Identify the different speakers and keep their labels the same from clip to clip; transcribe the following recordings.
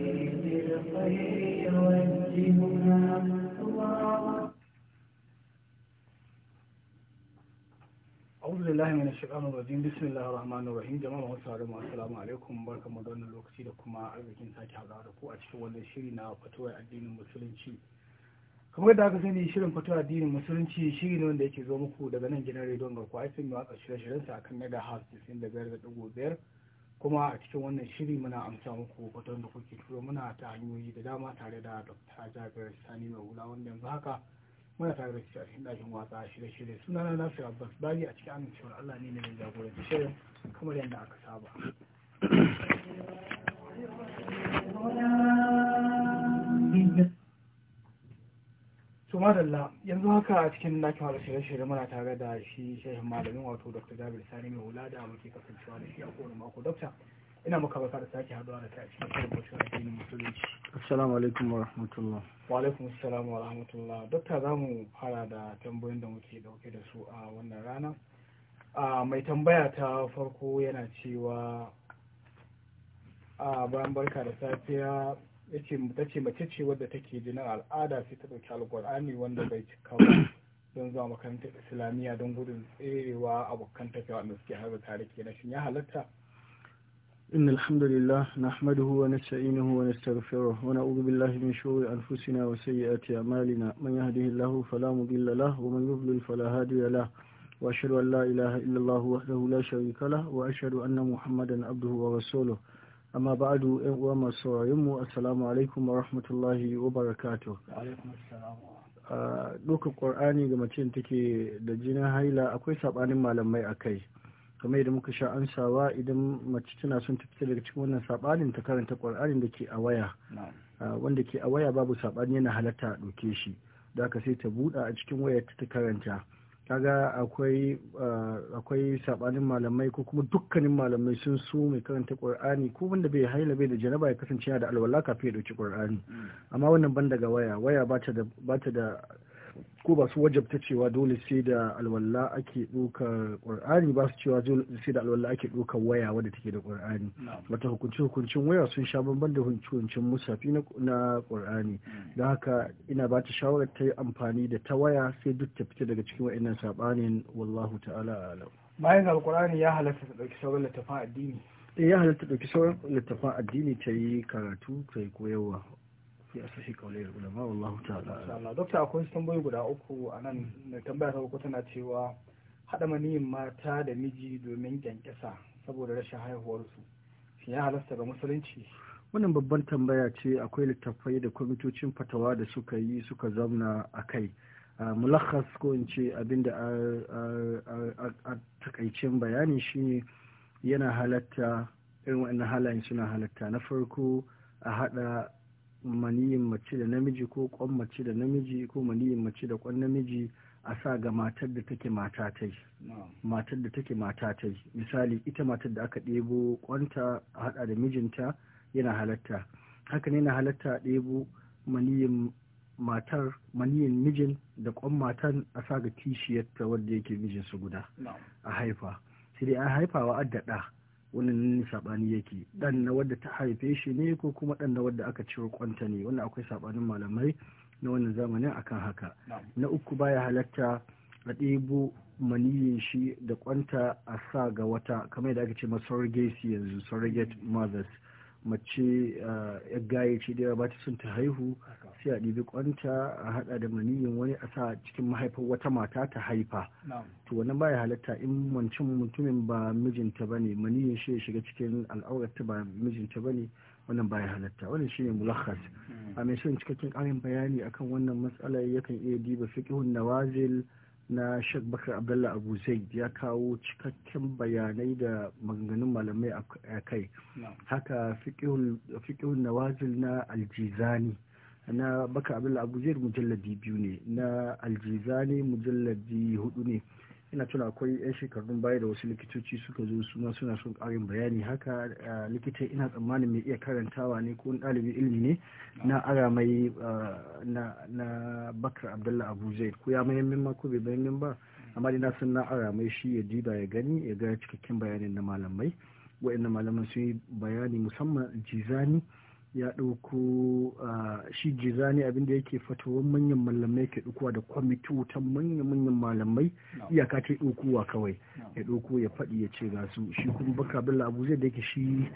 Speaker 1: أعوذ بالله من الشيطان الرجيم بسم الله الرحمن الرحيم جماعة وصحبه السلام عليكم barkamu da wannan lokaci da kuma arzikin sake haɗuwa da ku a cikin wannan shiri na fatuwar addinin musulunci kamar da aka sani shirin fatuwar addinin musulunci shiri ne wanda yake zo muku daga nan gidan rediyon garkuwa fm watsa shirye-shiryensa akan mega house 95.5 kuma a cikin wannan shiri muna amsa muku hoton da kuke turo muna ta hanyoyi da dama tare da dr jabir sani mai wula wanda yanzu haka muna tare da cikin ɗakin watsa shirye-shirye suna na nasu abbas bari a cikin amincewar allah ne mai jagoranci shirin kamar yadda aka saba kuma yanzu haka a cikin ɗakin wani shirye-shirye muna tare da shi shehin malamin wato dr jabir sani mai hula da muke kasancewa da shi a kowane mako dokta ina muka baka da sake haduwa da a cikin karbashi addinin musulunci assalamu alaikum wa rahmatullah wa alaikum assalam wa rahmatullah dokta za mu fara da tambayoyin da muke dauke da su a wannan rana mai tambaya ta farko yana cewa a bayan barka da safiya ta ce mace ce wadda take jinin al'ada sai ta ɗauki alƙur'ani wanda bai cika ba don zuwa makarantar islamiyya don gudun tserewa abokan tafiya wanda suke harba tare kenan shin ya halatta إن الحمد لله نحمده ونستعينه ونستغفره ونعوذ بالله من شرور أنفسنا وسيئات أعمالنا من يهده الله فلا مضل له ومن يضلل فلا هادي له وأشهد أن لا إله إلا الله وحده لا شريك له وأشهد أن محمدا عبده ورسوله amma adu yan uwa masu saurayin mu assalamu alaikum wa rahmatullahi wa barakatu a duka qur'ani ga mace take da jinin haila akwai saɓanin malamai a kai kamar yadda muka sha ansawa idan mace tana son ta fita daga cikin wannan saɓanin ta karanta qur'anin da ke a waya wanda ke a waya babu saɓani yana halatta a ɗauke shi da aka sai ta buɗa a cikin wayar ta karanta kaga akwai eh, akwai sabanin malamai ko kuma dukkanin malamai sun su mai karanta qur'ani ko wanda bai haila bai da janaba ya kasance da alwala kafin ya dauki qur'ani mm. amma wannan ban daga waya waya ta da ta da ko ba su wajabta cewa dole sai da alwala ake ɗaukar ƙur'ani ba su cewa dole sai da alwala ake ɗaukar waya wadda take da ƙur'ani wata hukunci hukuncin waya sun sha bamban da hukuncin musafi na ƙur'ani hmm. don haka ina ba ta shawarar ta yi amfani da ta waya sai duk ta fita daga cikin wa'annan saɓanin wallahu ta'ala alam bayan alƙur'ani ya halatta ta ɗauki sauran littafin addini eh, ya halatta ɗauki sauran littafin addini ta yi karatu ta yi koyarwa ya sahi yau da ulama wallahu ta'ala dokta akwai tambayoyi guda uku a nan mai tambaya ta uku tana cewa haɗa maniyin mata da miji domin kyankyasa saboda rashin haihuwarsu shi ya halasta ga musulunci wannan babban tambaya ce akwai littattafai da kwamitocin fatawa da suka yi suka zauna a kai Mulakas ko in ce abinda a takaicin bayani shine yana halatta irin wa'annan halayen suna halatta na farko a haɗa maniyin mace da namiji ko kwan mace da namiji ko maniyin mace da kwan namiji a sa ga matar da take mata ta yi matar da take mata ta yi misali ita matar da aka ɗebo kwanta a haɗa da mijinta yana halatta haka ne na halatta ɗebo maniyin matar maniyin mijin da kwan matan a sa ga kishiyarta wadda yake mijinsu guda a haifa sai dai a haifawa addada. wannan saɓani yake ɗan na wadda ta haife shi ne ko kuma ɗan na wadda aka ciro kwanta ne wannan akwai saɓanin malamai na wannan zamanin akan haka na uku baya halatta a ɗebo maniyin shi da kwanta a sa ga wata kamar yadda aka ce ma yanzu surrogate mothers mace eh, ya gaye ce da ba ta son ta haihu sai a ɗibi kwanta a haɗa da maniyin wani a sa cikin mahaifar wata mata ta haifa to wannan baya halatta in wancan mutumin ba mijinta ne maniyin shi ya shiga cikin al'aurata ba mijinta ba ne wannan baya halatta wannan shine mulakas. Hmm. a mai son cikakken ƙarin bayani akan wannan matsala yakan iya diba fiƙihun nawazil na Sheikh Bakar Abdalla Abu Zaid ya kawo cikakken bayanai da maganganun malamai a kai haka fiqhul nawazil na aljizani na Bakar Abdalla Abu Zaid mujalladi biyu ne na aljizani mujalladi hudu ne ina tuna akwai yan shekarun baya da wasu likitoci suka zo su suna son karin bayani haka likita ina tsammanin mai iya karantawa ne ko ɗalibin ilimi ne na ara mai na bakar abdullah abu zaid ko ya mahimmin ma ko bai mahimmin ba amma dai na san na ara mai shi ya diba ya gani ya ga cikakken bayanin na malamai na malamai sun yi bayani musamman jizani ya ɗauko ah, shi jizani abinda yake fatowar manyan malamai ke ɗaukowa da kwamitutan manyan-manyan malamai iyaka ta ɗaukowa kawai ya ɗauko ya faɗi ya ce ga su shi kuma baka billa abu zai da yake shi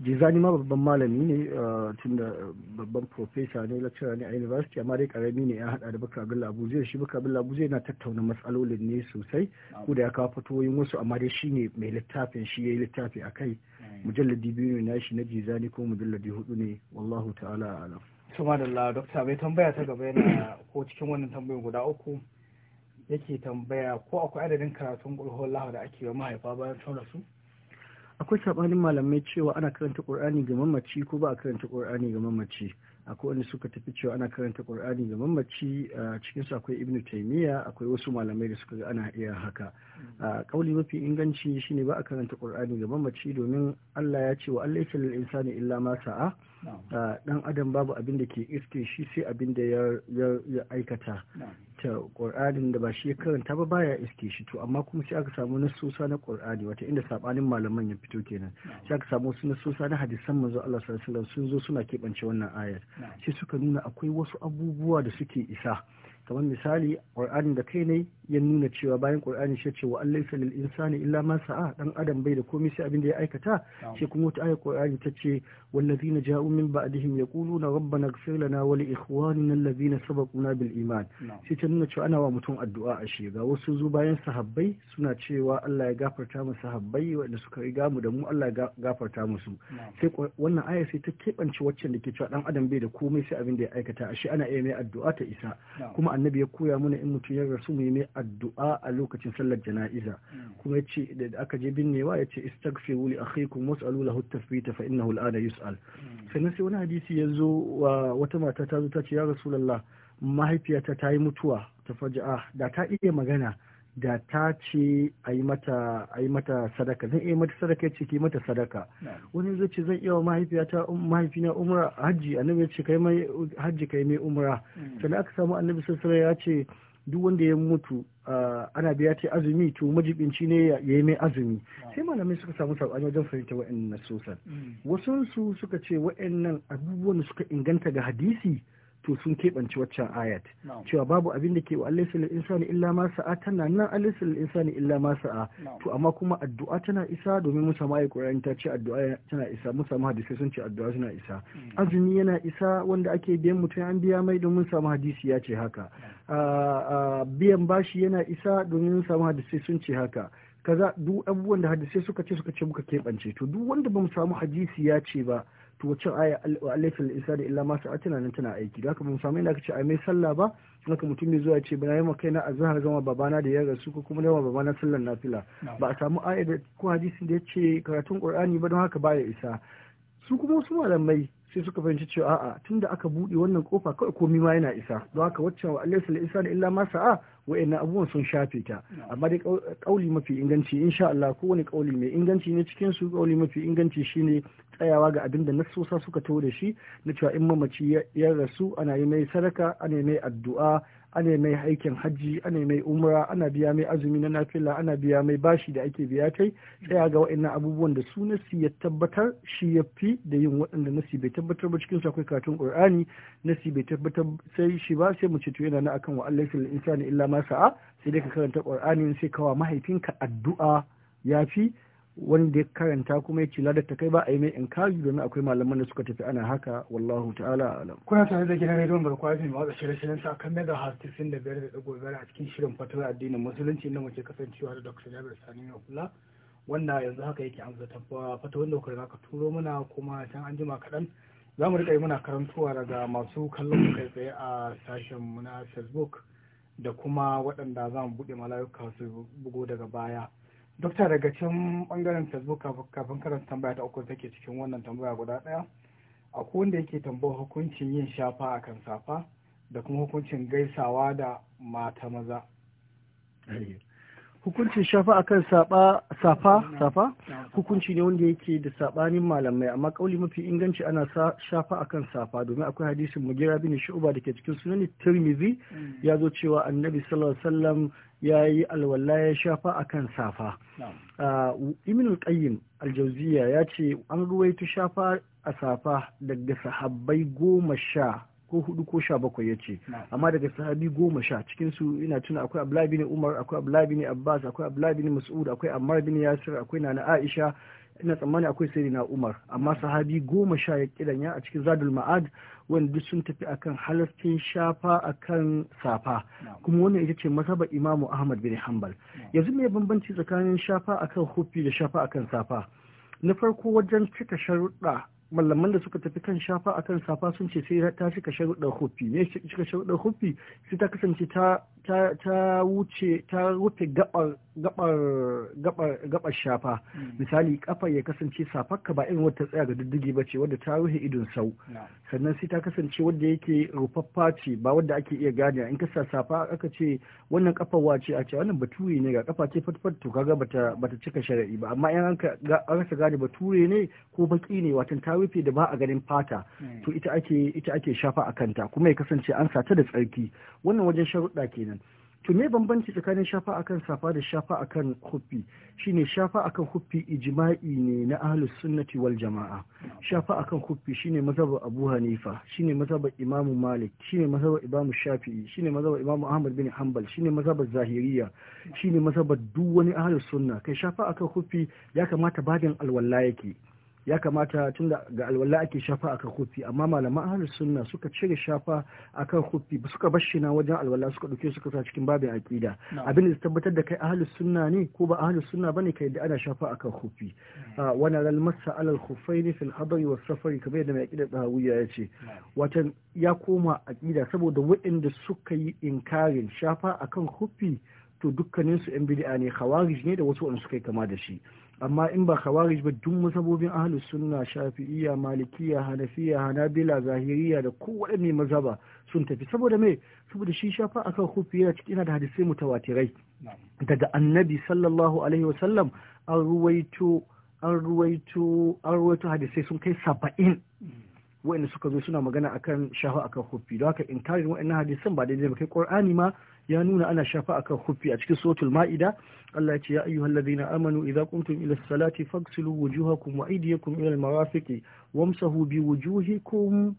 Speaker 1: jizani ma babban malami ne eh, tun da babban profesa ne lecturer ne a university amma dai karami ne ya hada da baka bin labuze shi baka bin labuze na tattauna matsalolin ne sosai ko da ya kawo fatoyin wasu amma dai shi ne mai littafin shi ya yi littafi a kai mujalladi biyu ne na shi na jizani ko mujalladi hudu ne wallahu ta'ala alam. suma da la dokta bai tambaya ta gaba yana ko cikin wannan tambayoyin guda uku yake tambaya ko akwai adadin karatun kulhuwar lahu da ake wa mahaifa bayan sun akwai sabanin malamai cewa ana karanta qur'ani ga mamaci ko ba a karanta qur'ani ga mamaci akwai wanda suka tafi cewa ana karanta qur'ani ga mamaci cikin su akwai ibnu taimiyya akwai wasu malamai da suka ga ana iya haka kauli mafi inganci shine ba a karanta qur'ani ga mamaci domin Allah ya ce wa allaisa lil insani illa masa'a. Ah, dan adam babu abin da ke iske shi sai abin da ya aikata ta ƙur'anin da ba shi ya karanta ba baya iske shi to amma kuma sai aka samu nasusa na ƙur'ani wata inda saɓanin malaman ya fito kenan sai aka samu wasu nasusa na hadisan manzo Allah sallallahu sun zo suna keɓance wannan ayar sai suka nuna akwai wasu abubuwa da suke isa kamar misali ƙur'anin da kai ne ya nuna cewa bayan qur'ani shi ce wa allaisa lil insani illa ma sa'a dan adam bai da komai sai abin da ya aikata shi kuma wata ayar qur'ani ta ce wallazina ja'u min ba'dihim yaquluna rabbana ighfir lana wa li ikhwanina allazina sabaquna bil iman sai ta nuna cewa ana wa mutum addu'a a shi ga wasu zu bayan sahabbai suna cewa Allah ya gafarta mu sahabbai wanda suka riga mu da mu Allah ya gafarta musu sai wannan ayar sai ta keɓance waccan da ke cewa dan adam bai da komai sai abin da ya aikata a shi ana iya mai addu'a ta isa kuma annabi ya koya mana in mutum ya rasu mu yi mai addu'a a lokacin sallar jana'iza hmm. kuma yace da aka je binnewa yace istaghfiru li akhikum was'alu lahu at fa innahu al'ana ana yus'al hmm. sannan sai wani hadisi yanzu wa wata mata ta zo ta ce ya rasulullah mahaifiyata ta yi mutuwa ta faja'a da ta iya magana da ta ce a yi mata sadaka zan iya mata sadaka ya ce ki mata sadaka hmm. wani zai ce zan iya wa mahaifiyata um, mahaifina umra hajji annabi ya ce kai mai hajji kai mai umra sannan aka samu annabi sallallahu ya ce duk wanda ya mutu ana biya ta azumi to majibinci ne ya yi mai azumi sai malamai suka samu sabani wajen fahimta wa'annan sosan mm. wasu su suka ce wa'annan abubuwan suka inganta ga hadisi to sun keɓance waccan ayat cewa babu abin da ke wa alaysa lil insani illa ma sa'a tana nan alaysa lil insani illa ma sa'a to amma kuma addu'a tana isa domin mu samu alquran ta ce addu'a tana isa mu samu hadisi sun ce addu'a tana isa hmm. azumi yana isa wanda ake biyan mutum an biya mai domin samu hadisi ya ce haka ah, ah, biyan bashi yana isa domin samu hadisi sun ce haka kaza duk abubuwan da hadisi suka ce suka ce muka keɓance to duk wanda bamu samu hadisi ya ce ba to wacce aya alaihi isa da illa ma sa'atina nan tana aiki da haka mun samu inda kace a mai sallah ba haka mutum mai zuwa ya ce bana yi maka na azhar zama babana da ya rasu ko kuma yawa babana sallar nafila ba a samu aya da ko hadisi da ya ce karatun qur'ani ba don haka baya isa su kuma wasu malamai sai suka fahimci cewa a'a tunda aka buɗe wannan kofa kawai komi ma yana isa don haka wacce wa Allah sala isa da illa ma sa'a wa'annan abubuwan sun shafe ta amma dai kauli mafi inganci insha Allah kowane kauli mai inganci ne cikin su kauli mafi inganci shine tsayawa ga abin da nasosa suka tawo da shi na cewa in mamaci ya rasu ana yi mai sadaka ana yi mai addu'a ana mai aikin hajji ana mai umra ana biya mai azumi na nafila ana biya mai bashi da ake biya kai tsaya ga waɗannan abubuwan da su nasi ya tabbatar shi ya fi da yin waɗanda nasi bai tabbatar ba cikin akwai karatun qur'ani nasi bai tabbatar sai shi ba sai mu ce to yana na akan wa Allah sai insani illa ma sa'a sai dai ka karanta ƙur'ani sai kawa mahaifinka addu'a ya fi wanda ya karanta kuma ya ci ladar ta kai ba a yi mai inkari domin akwai malaman da suka tafi ana haka wallahu ta'ala alam kuna tare da gidan rediyon barkwa fi mawa shirye-shiryen sa kan mega has tisin da biyar da dago biyar a cikin shirin fatawar addinin musulunci inda muke kasancewa da dr jabir sani kula wanda yanzu haka yake amsa tafa fata wanda kuka ka turo mana kuma can an jima kaɗan za mu riƙa yi muna karantuwa daga masu kallon kai tsaye a sashen mu na facebook da kuma waɗanda za mu buɗe malayuka su bugo daga baya dokta daga can bangaren facebook kafin karanta tambaya ta uku take cikin wannan tambaya guda ɗaya akwai wanda yake tambayar hukuncin yin shafa a kan safa da kuma hukuncin gaisawa da mata maza hukuncin shafa akan safa safa hukunci ne wanda yake da sabanin malamai amma kauli mafi inganci ana sa shafa akan safa domin akwai hadisin mugira bin shu'ba da ke cikin sunan tirmizi hmm. ya zo cewa annabi sallallahu alaihi wasallam ya yi alwala ya shafa akan safa ah, ibn al-qayyim al ya ce an ruwaito shafa a safa daga sahabbai goma sha ko hudu ko sha bakwai ya ce amma daga sahabi goma sha cikinsu ina tuna akwai abdullahi ne umar akwai abdullahi ne abbas akwai abdullahi ne mas'ud akwai ammar bin yasir akwai nana aisha ina tsammani akwai na umar amma sahabi goma sha ya kiranya a cikin zadul ma'ad wanda duk sun tafi akan halastin shafa akan safa kuma wannan ita ce masaba imamu ahmad bin hanbal yanzu me bambanci tsakanin shafa akan hufi da shafa akan safa na farko wajen cika sharuɗa mallaman da suka tafi kan shafa akan safa sun ce sai ta shiga sharuɗar hufi, me cika sharuɗar hufi sai ta kasance ta ta wuce ta rufe gabar shafa hmm. misali kafar ya kasance safarka ba irin wata tsaya ga diddigi ba ce wadda ta rufe idon sau sannan sai ta kasance wadda yake rufaffa ce ba wadda ake iya gane in ka sa safa aka ce wannan kafar wace a ce wannan bature ne ga kafa ce fatfat to kaga bata bata cika shari'i ba amma in an ka gane bature ne ko baki ne watan ta rufe da ba a ganin fata hmm. to ita ake ita ake shafa a kanta kuma ya kasance an sata da tsarki wannan wajen sharuɗa kenan kenan to me bambanci tsakanin shafa akan safa da shafa akan huffi shine shafa akan huffi ijma'i ne na ahlus sunnati wal jama'a shafa akan huffi shine mazhab Abu Hanifa shine mazhab Imam Malik shine mazhab Imam Shafi'i shine mazhab Imam Ahmad bin Hanbal shine mazhab Zahiriya shine mazhab duk wani ahlus sunna kai shafa akan huffi ya kamata badin alwala yake ya kamata tun da ga alwala ake shafa akan kofi amma malaman ahlus sunna suka cire shafa akan kofi suka bar shi na wajen alwala suka dauke suka sa cikin babin aqida abin da tabbatar da kai ahlus sunna ne ko ba ahlus sunna bane kai da ana shafa akan kofi wa wani masa alal khuffain fil hadari was safari kamar yadda mai aqida tahawiyya ce watan ya koma aƙida saboda waɗanda suka yi inkarin shafa a kan kofi to dukkaninsu yan bid'a ne khawarij ne da wasu wanda suka yi kama da shi amma in ba khawarij ba duk mazhabobin ahlus sunna shafi'iyya malikiyya hanafiya hanabila zahiriya da mai mazhaba sun tafi saboda me saboda shi shafa akan hufi yana cikin da hadisai mutawatirai daga annabi sallallahu alaihi sallam an ruwaito an ruwaito an ruwaito hadisai sun kai saba'in wa'anda suka zo suna magana akan shafa akan hufi don haka inkarin wa'annan hadisan ba daidai ba kai ma ya nuna ana shafa akan hufi a cikin suratul ma'ida Allah ya ce ya ayyuhal ladina amanu idza qumtum ila salati faghsilu wujuhakum wa aydiyakum ila al-marafiqi wamsahu bi wujuhikum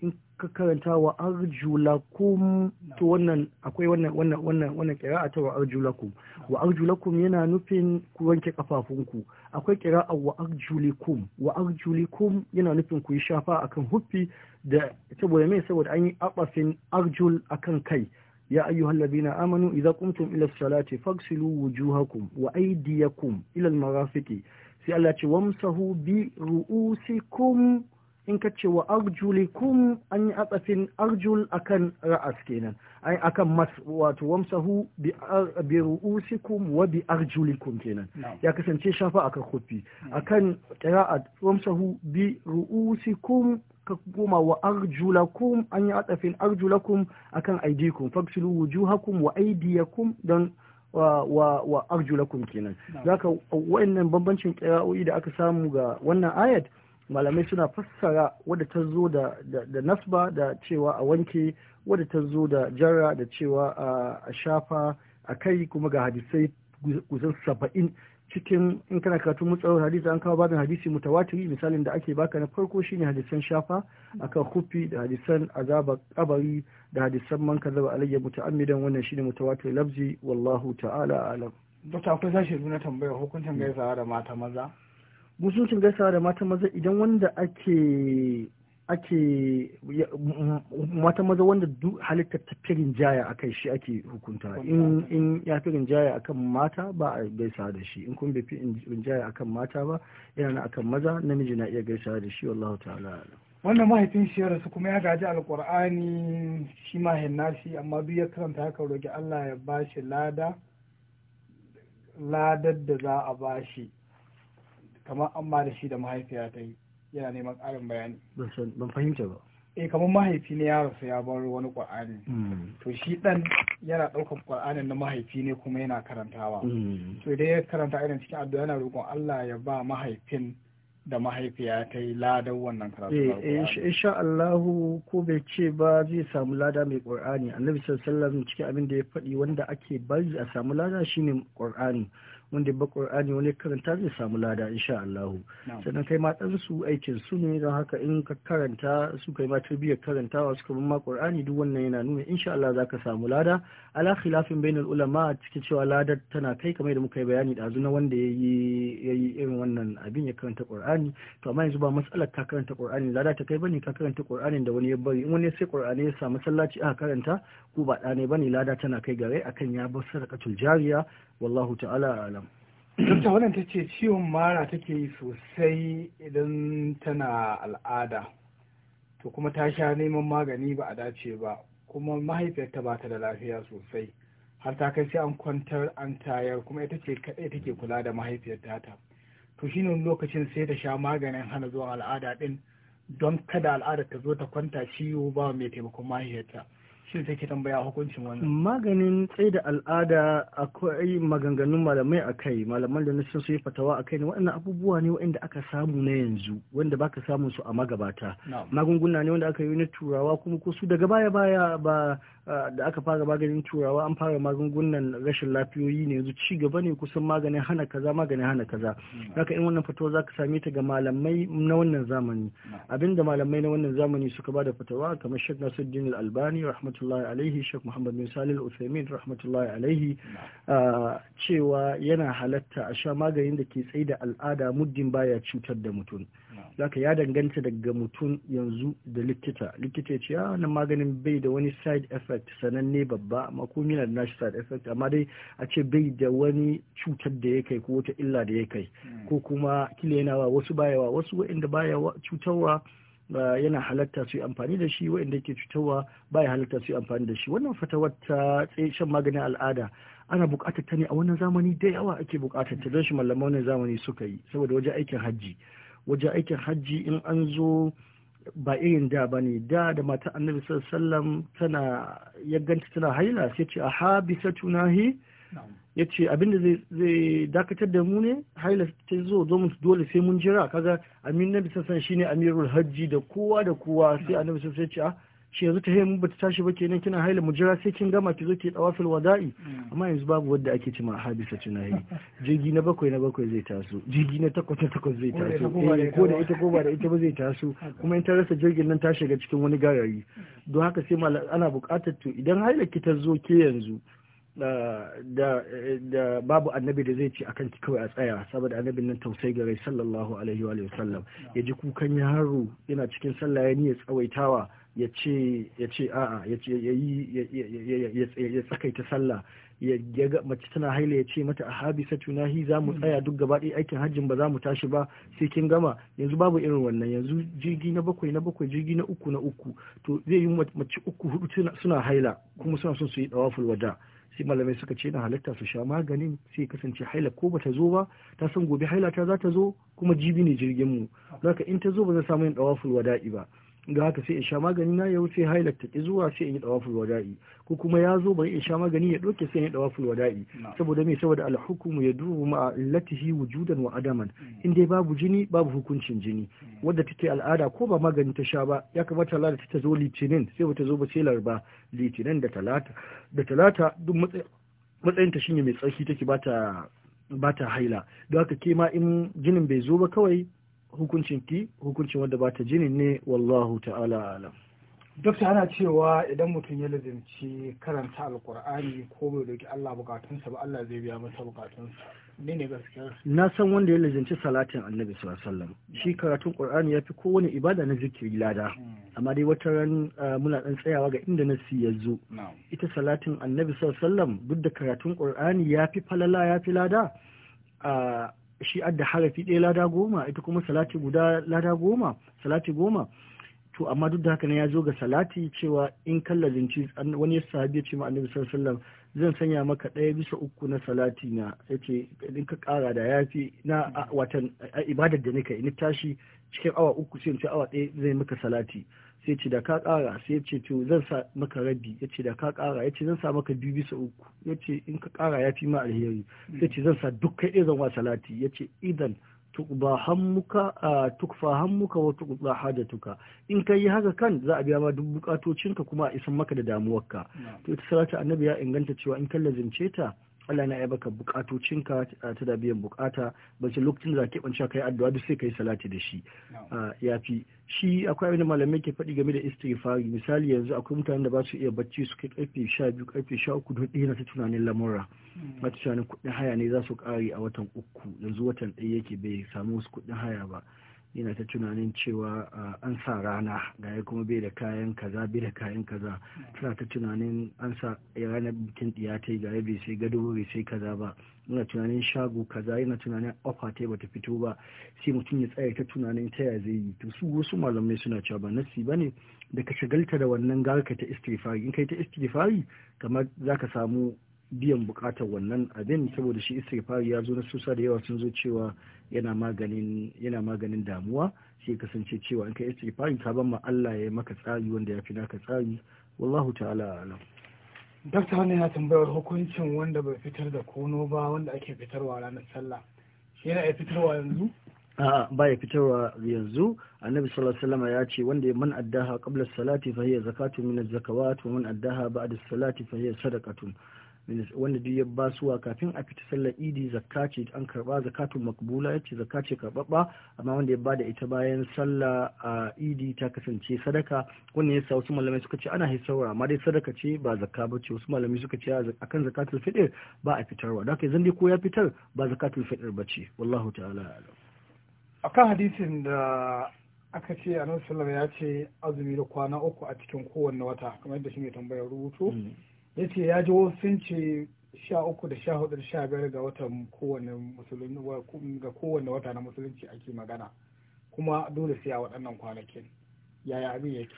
Speaker 1: in ka karanta wa arjulakum to wannan akwai wannan wannan wannan wannan qira'a ta wa arjulakum wa arjulakum yana nufin ku wanke kafafunku akwai qira'a wa arjulikum wa arjulikum yana nufin ku yi shafa akan huffi da saboda me saboda an yi abafin arjul akan kai يا أيها الذين آمنوا إذا قمتم إلى الصلاة فاغسلوا وجوهكم وأيديكم إلى المرافق سألت وامسهوا برؤوسكم in ka ce wa arjulikum an yi atsafin arjul akan ra'as kenan ai akan mas wato wamsahu bi ru'usikum wa bi arjulikum kenan ya kasance shafa hmm. akan khuffi akan qira'at wamsahu bi ru'usikum ka goma wa arjulakum an yi atsafin arjulakum akan aidikum fagsilu wujuhakum wa aidiyakum don wa wa, wa arjulakum kenan zaka wa'annan bambancin qira'o'i da aka samu ga wannan ayat malamai suna fassara wadda ta zo da nasba da cewa a wanke wadda ta zo da jarra da cewa a shafa a kai kuma ga hadisai kusan saba'in cikin in kana karatun mutsawar hadisi an kawo bada hadisi mutawatiri misalin da ake baka na farko shine hadisan shafa akan kufi da hadisan azaba kabari da hadisan man kazaba alayya muta'ammidan wannan shine mutawatir lafzi wallahu ta'ala alam. Dokta akwai zashi na tambaya hukuncin gaisawa da mata maza? musuncin gaisawa da mata maza idan wanda ake ake mata maza wanda duk halittar ta firin jaya a kai shi ake hukunta in ya firin jaya akan mata ba a gaisawa da shi in kun bai firin jaya akan mata ba yana na akan maza namiji na iya gaisawa da shi wallahu ta'ala wannan mahaifin shi su rasu kuma ya gaji alkur'ani shi mahin nashi amma duk ya karanta haka roki Allah ya bashi lada ladar da za a bashi kamar an ba da shi da mahaifiya ta yi yana neman ƙarin bayani ban fahimta ba eh kamar mahaifi ne ya rasu ya bar wani ƙwa'ani hmm. to shi ɗan yana ɗaukar ƙwa'anin na mahaifi ne kuma yana karantawa hmm. to idan ya karanta irin cikin addu'a yana roƙon Allah ya ba mahaifin da mahaifiya ta yi ladan wannan karatu eh, insha Allah ko bai ce ba zai samu lada mai ƙwa'ani annabi sallallahu alaihi wasallam cikin abin da ya faɗi wanda ake bari a samu lada shine ƙwa'ani wanda ba qur'ani wani karanta zai samu lada insha Allah sannan kai ma ɗan su aikin su ne don haka in ka karanta su kai ma tarbiyyar karantawa suka bin ma qur'ani duk wannan yana nuna insha Allah zaka samu lada ala khilafin bainal ulama cikin cewa lada tana kai kamar da muka yi bayani da na wanda ya yi irin wannan abin ya karanta qur'ani to amma yanzu ba matsalar ka karanta qur'ani lada ta kai bane ka karanta qur'anin da wani ya bari in wani sai qur'ani ya samu sallaci aka karanta ko ba ɗane bane lada tana kai gare akan ya bar sadaqatul jariya wallahu ta'ala alam dokta wannan ta ce ciwon mara take yi sosai idan tana al'ada to kuma ta sha neman magani ba a dace ba kuma mahaifiyarta ba ta da lafiya sosai har ta kai sai an kwantar an tayar kuma ita ce kaɗai take kula da mahaifiyarta ta to ne lokacin sai ta sha maganin hana zuwa al'ada ɗin don kada al'adar ta zo ta kwanta ciwo ba mai taimakon mahaifiyarta shi take tambaya hukuncin wannan maganin tsaida al'ada akwai maganganun malamai a kai malaman da na sun yi fatawa a kai ne waɗannan abubuwa ne waɗanda aka samu na yanzu wanda baka samun su a magabata magunguna ne wanda aka yi na turawa kuma ko su daga baya baya ba da aka fara maganin turawa an fara magungunan rashin lafiyoyi ne yanzu ci gaba ne kusan maganin hana kaza maganin hana kaza hmm. haka in wannan fatawa zaka same ta ga malamai na wannan zamani hmm. abinda malamai na wannan zamani suka bada fatawa kamar Sheikh Nasiruddin Al-Albani rahmatullahi alaihi Sheikh Muhammad bin Salih al rahmatullahi alaihi hmm. uh, cewa yana halatta a sha maganin da ke tsaida al'ada muddin baya cutar da mutum zaka ya danganta daga mutum yanzu da likita likita ya ce ya ah, wannan maganin bai da wani side effect sananne babba amma ko yana da nashi side effect amma dai a ce bai da wani cutar da ya kai ko wata illa da ya kai hmm. ko kuma kila yana wa wasu bayawa wasu waɗanda baya cutarwa yana halatta su yi amfani da shi waɗanda ke cutarwa baya halatta su yi amfani da shi wannan fatawar ta shan maganin al'ada ana buƙatar ta ne a wannan zamani da yawa ake bukatar ta don shi malaman wannan zamani suka yi saboda wajen aikin hajji wajen aikin hajji in an zo ba irin da ba ne da da mata annabi sallam tana ganta tana haila sai ce a habisa tunahi ya ce abinda zai dakatar da mu ne haila ta zo domin dole sai mun jira kaga amin nabi sallam shine amirul hajji da kowa da kowa sai annabi sassan sai ce a ah, shi yanzu ta mu bata tashi ba kenan kina haila mu jira sai kin gama ki zo ki dawafil wada'i mm. amma yanzu babu wanda ake cima hadisa tunahi jirgi na bakwai na bakwai zai taso jirgi na takwas na takwas zai taso ko da eh, ita ko ba da ita ba zai taso kuma in ta rasa jirgin nan ta shiga cikin wani garari don haka sai ana bukatar to idan haila ki ta zo ke yanzu Eh, eh, da babu annabi da zai ce akan kawai a tsaya saboda annabin nan tausayi gare sallallahu alaihi wa sallam ya ji kukan yaro yana cikin sallah ya niyya tsawaitawa ya ce ya ce a'a ya ce ya yi ya tsakaita sallah ya ga mace tana haila ya ce mata a habisa hi za mu tsaya duk gaba ɗaya aikin hajjin ba za mu tashi ba sai kin gama yanzu babu irin wannan yanzu jirgi na bakwai na bakwai jirgi na uku na uku to zai yi mace uku hudu suna haila kuma suna son su yi dawaful wada sai malamai suka ce na halatta su sha maganin sai kasance haila ko bata zo ba ta san gobe haila ta za ta zo kuma jibi ne jirgin mu zaka in ta zo ba zan samu yin dawafin wada'i ba ga haka sai in sha magani na yau sai hailar ta zuwa sai in yi dawaful wada'i ko kuma ya zo bari in sha magani ya ɗauke sai in yi dawaful wada'i saboda me saboda alhukumu ya duba ma hi wujudan wa adaman hmm. in dai babu jini babu hukuncin jini hmm. wadda take al'ada ko ba magani ta sha ba ya kamata Allah ta zo litinin sai ba zo ba sai larba litinin da talata da talata duk matsayin ta shine mai tsarki take ba ta ba ta haila don haka ke ma in jinin bai zo ba kawai hukuncin ki hukuncin wanda ba ta jinin ne wallahu ta'ala alam dokta ana cewa idan mutum ya lazimci karanta alkur'ani ko bai doki Allah bukatunsa ba Allah zai biya masa bukatunsa ne ne gaskiya na san wanda ya lazimci salatin annabi sallallahu alaihi wasallam shi karatun qur'ani yafi kowane ibada na zikiri lada hmm. amma dai wata ran muna dan tsayawa ga inda na si yanzu. ita salatin annabi sallallahu alaihi wasallam duk da karatun qur'ani yafi falala yafi lada shi adda harafi ɗaya lada goma ita kuma salati guda lada goma salati goma to amma duk da haka ne ya zo ga salati cewa in kallazinci wani ya sahabi ya ce ma annabi sallallahu alaihi wasallam zan sanya maka ɗaya bisa uku na salati na yace in ka ƙara da yafi na watan ibadar da nika in tashi cikin awa uku sai in ce awa ɗaya zai maka salati sai ce da ka kara sai ce to zan sa maka rabi ya ce da ka kara ya ce zan sa maka biyu bisa uku ya ce in ka kara ya fi ma alheri sai ce zan sa duk kai zan wa salati ya ce idan tukba hammuka wa tukfa hada tuka in ka yi haka kan za a biya ma duk bukatocinka kuma a isan maka da damuwarka to ita salati annabi ya inganta cewa in ka lazimce ta Allah na ka bukatocinka ta da biyan bukata ce lokacin da za ka ka kai addu'a duk sai kai salati da shi ya fi shi akwai abin da malamai ke faɗi game da istighfari misali yanzu akwai mutanen da ba su iya bacci su kai karfe 12 karfe 13 don ɗaya ta tunanin lamura hmm. ba ta tunanin kuɗin haya ne za su ƙare a watan uku yanzu watan ɗaya yake bai samu wasu kuɗin haya ba yana ta tunanin cewa an sa rana ga kuma bai da kayan kaza bai da kayan kaza tana ta tunanin an sa ranar bikin diyatai ga bai sai gado bai sai kaza ba yana tunanin shago kaza yana tunanin ofa ta bata fito ba sai mutum ya tsaya ta tunanin ta ya zai yi to su wasu malamai suna cewa ba nasi ne da ka shagalta da wannan garka ta istifari in ka kai ta istifari kamar za ka samu biyan bukatar wannan abin saboda shi istighfari ya zo na susa da yawa sun zo cewa yana maganin yana maganin damuwa sai kasance cewa in ka istighfari ka ban ma Allah ya maka tsari wanda ya fi naka tsari wallahu ta'ala alam dakta wannan yana tambayar hukuncin wanda bai fitar da kono ba wanda ake fitarwa ranar sallah shi yana ya fitarwa yanzu a'a ba ya fitarwa yanzu annabi sallallahu alaihi wasallam ya ce wanda man addaha qabla salati fa hiya zakatun min az-zakawat wa man addaha ba'da salati fa hiya sadaqatun wanda duk ya basuwa kafin a fita sallar idi zakka ce an karba zakatun makbula yace zakka ce karbabba amma wanda ya bada ita bayan sallah a idi ta kasance sadaka wannan yasa wasu malamai suka ce ana hisaura amma dai sadaka ce ba zakka ba ce wasu malamai suka ce akan zakatul fitr ba a fitarwa da haka zan dai ko ya fitar ba zakatul fitr ba ce wallahu ta'ala alam akan hadisin da aka ce annabi sallallahu ya ce azumi da kwana uku a cikin kowanne wata kamar yadda shi ne tambayar rubutu mm. ya ce ya ji sun ce sha uku da sha hudu da sha biyar ga watan kowane musulunci ga kowane wata na musulunci ake magana kuma dole sai a waɗannan kwanakin yaya abin yake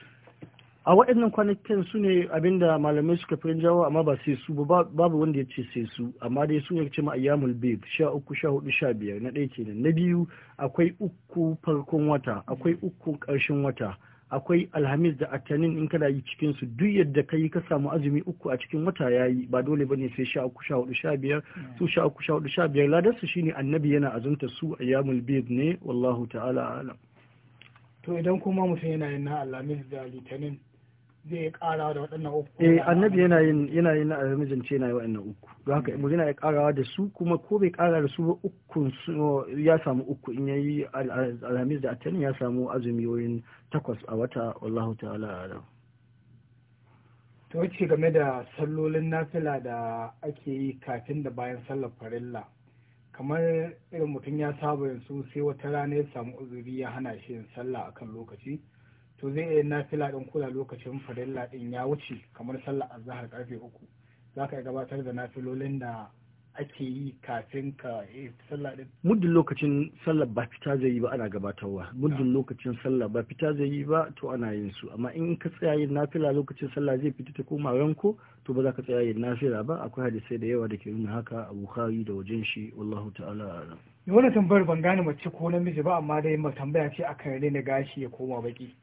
Speaker 1: a waɗannan kwanakin su ne abinda malamai suka fi jawo amma ba sai su ba babu wanda ya ce sai su amma dai sun ce ma ayyamul bib sha uku sha hudu sha biyar na ɗaya kenan na biyu akwai uku farkon wata akwai uku ƙarshen wata akwai alhamis da atanin in kana yi cikin su duk yadda kai ka samu azumi uku a cikin wata yayi ba dole bane sai sha uku sha hudu sha biyar hmm. su sha uku sha hudu sha biyar ladan su shine annabi yana azumta su ayyamul bid ne wallahu ta'ala alam to idan kuma mutum yana yin na alhamis da litanin zai kara da waɗannan uku eh annabi yana yin yana yin na namijin ce yana yi waɗannan uku don haka mu yana karawa da su kuma ko bai kara da su ba uku ya samu uku in yayi alhamis da atanin ya samu azumi wurin takwas a wata allahu ta'ala ala. to ce game da sallolin nafila da ake yi kafin da bayan sallar farilla kamar irin mutum ya saba yanzu sai wata rana ya samu uzuri ya hana shi yin sallah akan lokaci to zai iya nafila din kula lokacin farilla din ya wuce kamar a zahar karfe uku za ka gabatar da nafilolin da ake yi kafin ka sallah din muddin lokacin sallar ba fita zai yi ba ana gabatarwa muddin lokacin sallar ba fita zai yi ba to ana yin su amma in ka tsaya yin nafila lokacin sallah zai fita ta koma ranko to ba za ka tsaya yin nafila ba akwai hadisai da yawa da ke nuna haka a bukhari da wajen shi wallahu ta'ala a'lam wannan tambayar ban gane mace ko namiji ba amma dai tambaya ce a akan rena gashi ya koma baki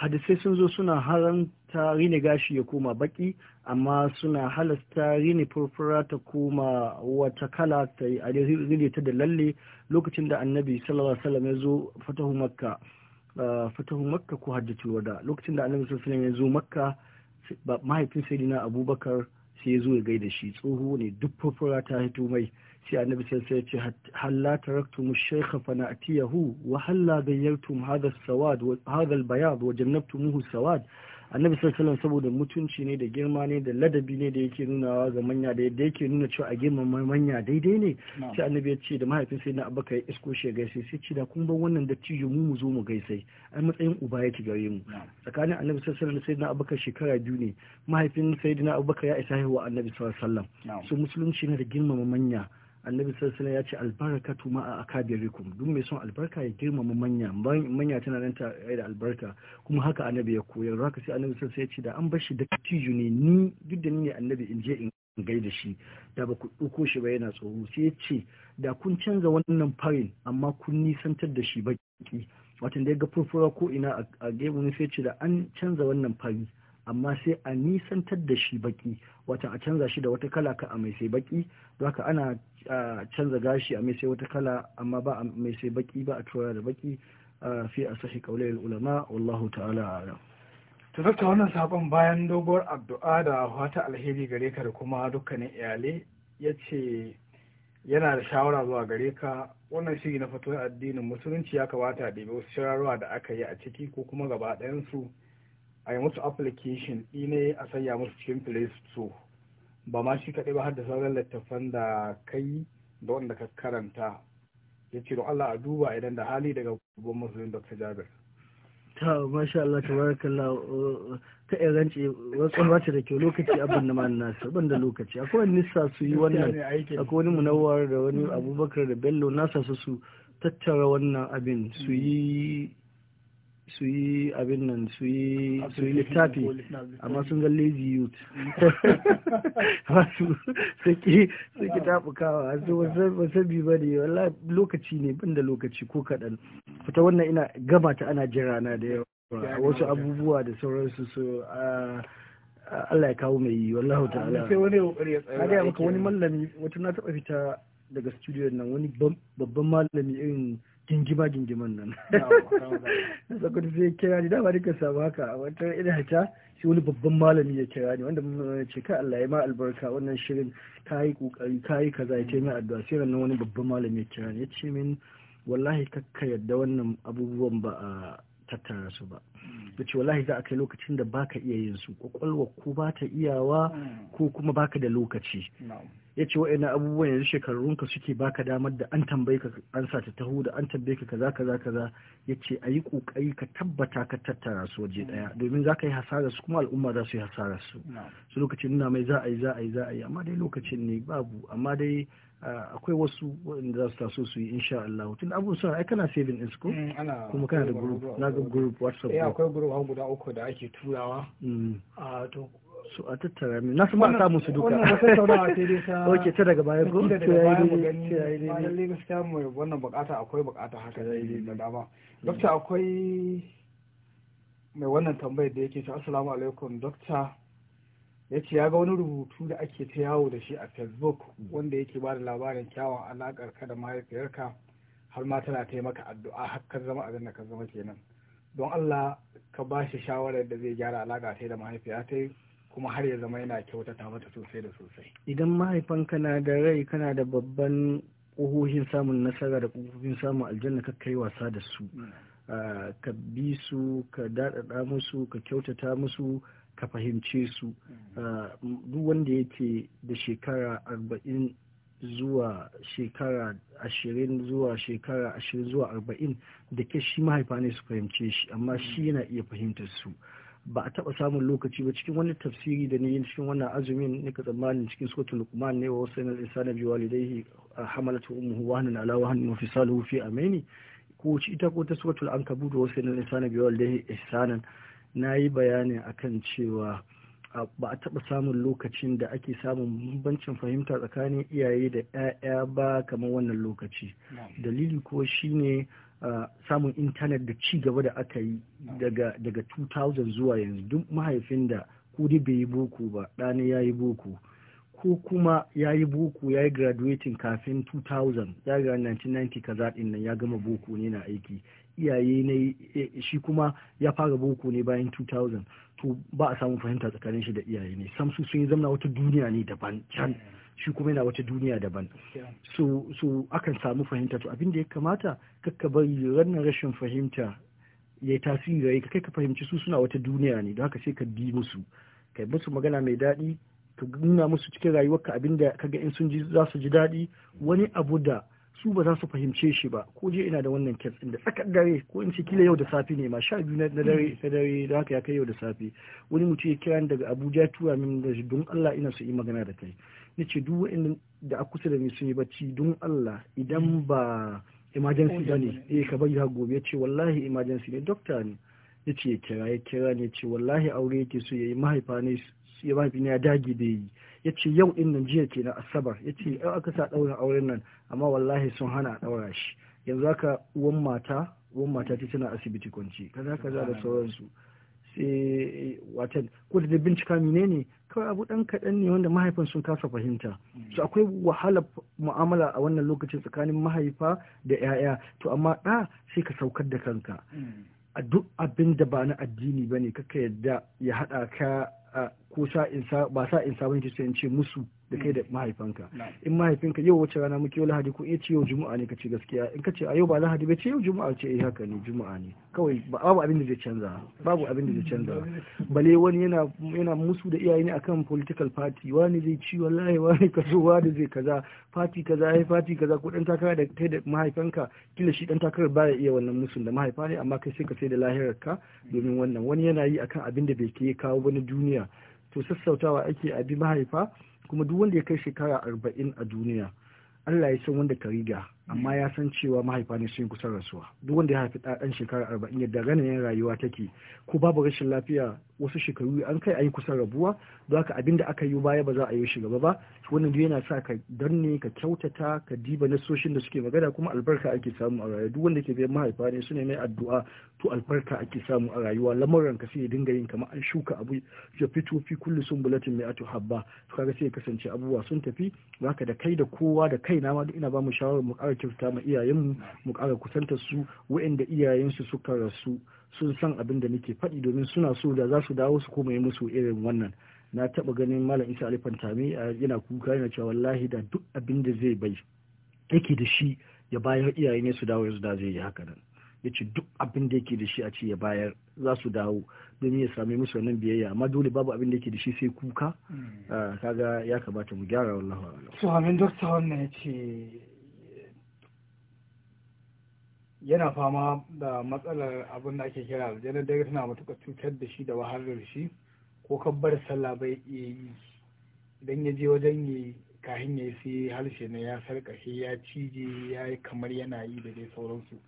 Speaker 1: hadisai sun zo suna haranta rine gashi ya koma baki amma suna halasta rine furfura ta koma wata kala ta rine ta da lalle lokacin da annabi sallallahu alaihi wasallam ya zo fatahu makka fatahu makka ko hajjatul wada lokacin da annabi sallallahu alaihi wasallam ya zo makka mahaifin sayyidina abubakar sai ya zo ya gaida shi tsoho ne duk furfura ta hito mai sai annabi sai ya ce halla taraktum shaykha fanatiyahu wa halla gayyartum hadha as-sawad wa hadha al-bayad wa jannabtumuhu sawad annabi sallallahu saboda mutunci ne da girma ne da ladabi ne da yake nunawa ga manya da yadda yake nuna cewa a girmama manya daidai ne sai annabi ya ce da mahaifin sai na abaka ya isko shi gaisai sai ce da kun bar wannan dattijo mu mu zo mu gaisai ai matsayin uba yake gare mu tsakanin annabi sallallahu alaihi wasallam abaka shekara biyu ne mahaifin na abaka ya isa haihuwa annabi sallallahu alaihi wasallam so musulunci ne da girmama manya annabi sallallahu ya ce albarka a ma'a akabirikum duk mai son albarka ya girmama manya manya tana nan ta da albarka kuma haka annabi ya koyar haka sai annabi sallallahu ya ce da an bar shi da tijo ne ni duk da ni ne annabi in je in gai da shi da ba ku ɗauko shi ba yana tsoro sai ya ce da kun canza wannan farin amma kun nisantar da shi baki watan da ya ga furfura ko ina a ne sai ya ce da an canza wannan farin. amma sai a nisantar da shi baki wata a canza shi da wata kala ka a mai sai baki ana canza gashi a mai sai wata kala amma ba a mai sai baki ba a tura da baki fi a sahi kaulayar ulama wallahu ta'ala alam ta dokta wannan sakon bayan doguwar addu'a da wata alheri gare ka da kuma dukkanin iyalai ya ce yana da shawara zuwa gare ka wannan shiri na fatuwar addinin musulunci ya kamata a ɗebi wasu shirarwa da aka yi a ciki ko kuma gaba ɗayansu su a yi musu application ne a sanya musu cikin play store ba ma shi kaɗai ba har da sauran littattafan da kai da wanda ka karanta ya ce Allah a duba idan da hali daga babban musulun Dr. Jabir. Ta masha Allah ta barakallah ta iranci wasu ba ta da kyau lokaci abin da man nasu ban da lokaci akwai wani nisa su yi wannan akwai wani munawar da wani mm. abubakar da bello nasa su tattara wannan abin su yi su yi abin nan su yi littafi amma sun ga lazy youth wasu suke suke tafukawa su wasu bi ba ne wala lokaci ne ban da lokaci ko kaɗan fita wannan ina gama ta ana jira na da yawa wasu abubuwa da sauransu su Allah ya kawo mai yi wallahu ta'ala sai wani kokari ya tsaya ga maka wani mallami wata na taba fita daga studio nan wani babban mallami irin gingima gingiman nan da sai kira ni dama duka samu haka a wata ina hata sai wani babban malami ya kira ni wanda ce ka Allah ya ma albarka wannan shirin kayi kokari kayi kaza ya taimaka addu'a sai nan wani babban malami ya kira ni ya ce min wallahi kakka yadda wannan abubuwan ba a tattara su ba da ce wallahi za a kai lokacin da baka iya yin su kwakwalwa ko ba ta iyawa ko kuma baka da lokaci ya ce wa'ina abubuwan yanzu shekarunka suke baka damar da an tambaye ka an sa ta taho da an tambaye ka kaza kaza kaza ya ce a yi kokari ka tabbata ka tattara su waje daya mm. domin za ka yi hasarar su kuma al'umma za su yi hasarar su su lokacin nuna mai za a yi za a yi za a yi amma dai lokacin ne babu amma dai Ah, akwai wasu waɗanda za su taso su yi insha Allah tun abun suna ai kana saving din ko eh, kuma kana da group na ga group WhatsApp eh akwai group an guda uku da ake turawa mm. a ah, to su a tattara min na kuma a samu su duka wannan sai sauran a dai sa Ok ta daga baya ko to yayi dai yayi dai lalle gaskiya mu wannan bukata akwai bukata haka dai da dama
Speaker 2: mm. doctor
Speaker 1: akwai mai wannan tambayar da yake ta assalamu alaikum doctor ya ce ya ga wani rubutu da ake ta yawo da shi a facebook wanda yake ba da labarin kyawun alaƙar ka da mahaifiyarka har ma tana taimaka addu'a har ka zama abin da ka zama kenan don allah ka ba shi shawarar da zai gyara alaƙa ta da mahaifiya ta kuma har ya zama yana kyautata mata sosai da sosai idan mahaifanka na da rai kana da babban ƙofofin samun nasara da ƙofofin samun aljanna ka kai wasa da su mm. ah, ka bi su ka daɗaɗa musu ka kyautata musu ka fahimce su mm. ah, duk wanda yake da shekara arba'in zuwa shekara ashirin zuwa shekara ashirin zuwa arba'in da ke shi mahaifa ne su fahimce shi amma mm. shi yana iya fahimtar su ba a taɓa samun lokaci ba cikin wani tafsiri da ni cikin wannan azumin ne ka tsammanin cikin suratul luqman ne wa wasainal insana bi walidayhi ah, hamalatu ummuhu wahnan ala wahnin wa fisaluhu fi amaini ko ita ko ta suratul ankabut wa biyu insana bi walidayhi ihsanan na yi bayani a kan cewa ba a taɓa samun lokacin da ake samun bambancin fahimta tsakanin iyaye da 'ya'ya ba kamar wannan lokaci dalili shi shine samun intanet da ci gaba da aka yi daga 2000 zuwa yanzu duk mahaifin da kudi bai yi boko ba ɗani ya yi boko ko kuma ya yi boko ya yi graduating kafin 2000 ya ga 1990 kaza ɗin nan ya gama boko ne na aiki iyaye ne eh, shi kuma ya fara boko ne bayan 2000 to ba a samu fahimta tsakanin shi da iyaye ne samsu sun yi zamna wata duniya ne daban can shi kuma yana wata duniya daban so akan samu fahimta to abin da ya kamata kakka bari rannan rashin fahimta ya yi tasiri rai ka kai ka fahimci su suna wata duniya ne don haka sai ka bi musu kai musu magana mai daɗi ka nuna musu cikin rayuwarka abinda kaga in sun ji za su ji daɗi wani abu da su ba za su fahimce shi ba ko je ina da wannan kes da tsakar dare ko in ce kila yau da safe ne ma sha biyu na dare na dare da haka ya kai yau da safe wani mutum ya kira daga Abuja tura min da don Allah ina su yi magana da kai nace duk wa'annan da a kusa da ni sun yi bacci don Allah idan ba emergency ba ne eh ka bari gobe ya ce wallahi emergency ne doctor ne ya ce ya kira ya kira ne ce wallahi aure yake so ya yi mahaifa ne ya mahaifina ya dage da yi ya ce yau in nan jiya ke na asabar ya ce yau aka sa ɗaurin auren nan amma wallahi sun hana ɗaura shi yanzu aka uwan mata uwan mata ce tana asibiti kwanci kaza kaza da sauransu sai watan ko da bincika mine ne kawai abu dan kaɗan ne wanda mahaifin sun kasa fahimta so akwai wahala mu'amala a wannan lokacin tsakanin mahaifa da 'ya'ya to amma ɗa sai ka saukar da kanka mm. a duk abin da ba na addini ba ne kaka yadda ya haɗa ka ko sa in sa ba sa in sa in ce musu da kai mm. da mahaifanka in mahaifinka yau wace rana muke yau lahadi ko eh, ce yau juma'a ne kace gaskiya in kace a yau ba lahadi ba ce yau juma'a ce eh haka ne juma'a ne kawai babu abin da zai canza mm, babu abin da zai canza bale wani yana yana musu da iyaye ne akan political party wani zai ci wallahi wani kazo wani zai kaza party kaza ai eh, party kaza ko dan takara da kai da mahaifanka kila shi dan takarar baya iya wannan musun da mahaifa ne amma kai sai ka sai da lahirarka domin wannan wani yana yi akan abin da bai ke kawo wani duniya to sassautawa ake abi mahaifa kuma duk wanda ya kai shekara arba'in a duniya Allah ya san wanda ka riga amma ya san cewa mahaifa ne sun kusa rasuwa duk wanda ya haifi ɗan shekara arba'in yadda ganin rayuwa take ko babu rashin lafiya wasu shekaru an kai a yi kusan rabuwa don haka abin da aka yi baya ba za a yi shi gaba ba wannan duk yana sa ka danne ka kyautata ka diba nasoshin da suke magana kuma albarka ake samu a rayuwa duk wanda ke biyan mahaifa ne su ne mai addu'a to albarka ake samu a rayuwa lamuran ka sai dinga yin kamar an shuka abu ya fito fi kulli sumbulatin mai ato habba to kaga sai kasance abubuwa sun tafi zaka da kai da kowa da kai na ma duk ina ba mu shawarar mu ƙara kyauta ma iyayenmu mu ƙara kusantar su waɗanda iyayensu suka rasu sun san abin da nake faɗi domin suna so da za su dawo su koma yi musu irin wannan na taɓa ganin malam isa alifantami yana kuka yana cewa wallahi da duk abin da zai bai yake da shi ya bayar iyaye ne su dawo yanzu da zai yi haka nan ya ce duk abin da yake da shi a ce ya bayar za su dawo domin ya sami musu wannan biyayya amma dole babu abin da yake da shi sai kuka hmm. ah, kaga ya kamata mu gyara wallahi. amin ce yana fama da matsalar abin da ake kira aljanar dare tana matuƙar cutar da shi da wahalar shi ko kabbar sallah bai iya yi idan ya je wajen yi kahin ya sai harshe na ya sarƙashe ya cije ya yi kamar yana yi da dai sauransu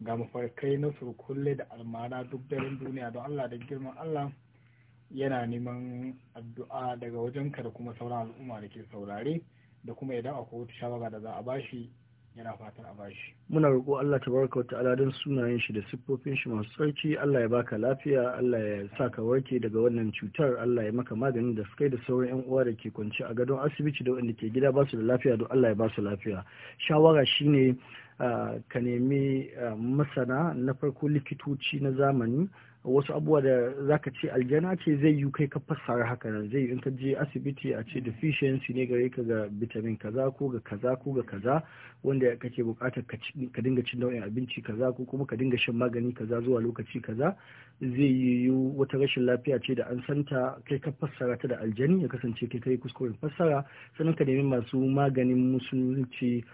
Speaker 1: ga mafarkai na surkulle da almara duk daren duniya don allah da girman allah yana neman addu'a daga wajenka da kuma sauran al'umma da ke saurare da kuma idan akwai wata shawara da za a bashi yana a bashi muna roƙo Allah tabaraka wata don sunayen shi da siffofin shi masu tsarki Allah ya baka lafiya Allah ya sa ka warke daga wannan cutar Allah ya maka maganin da sukai da sauran yan uwa da ke kwanci a gadon asibiti da wanda ke gida basu da lafiya don Allah ya basu lafiya shawara shine ah, ka nemi ah, masana na farko likitoci na zamani wasu abubuwa da zaka ce aljana ce zai yi kai ka fassara haka nan zai yi in ka je asibiti a ce deficiency ne gare ka ga vitamin kaza ko ga kaza ko ga kaza wanda ka kake bukatar ka dinga cin nau'in abinci kaza ko kuma ka dinga shan magani kaza zuwa lokaci kaza zai yi wata rashin lafiya ce da an santa kai ka fassara ta da aljani ya kasance kai kai kuskuren fassara sannan ka nemi masu maganin musulunci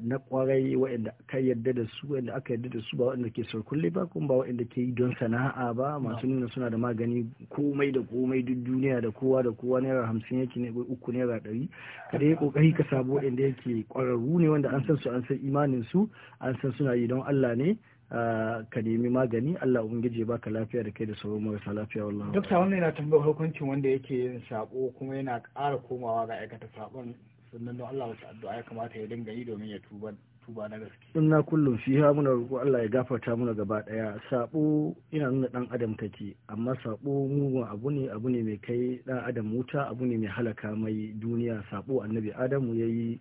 Speaker 1: na kwarai waɗanda aka yarda da su waɗanda aka yarda da su ba waɗanda ke sarkulle ba kuma ba waɗanda ke yi don sana'a ba masu nuna suna da magani komai da komai duk duniya da kowa da kowa naira hamsin yake ne uku naira ɗari kada ya kokari ka sabu waɗanda yake kwararru ne wanda an san su an san imanin su an san suna yi don Allah ne ka nemi magani Allah ubangiji ba ka lafiya da kai da sauran marasa lafiya wallahi dokta wannan yana tambayar hukuncin wanda yake yin sabo kuma yana ƙara komawa ga aikata sabon sannan don Allah wata addu'a ya kamata ya dinga yi domin ya tuba tuba na gaske inna kullum shi ha muna roƙo Allah ya gafarta muna gaba daya sabo ina nuna dan adam take amma sabo mugun abu ne abu ne mai kai dan adam wuta abu ne mai halaka mai duniya sabo annabi adamu yayi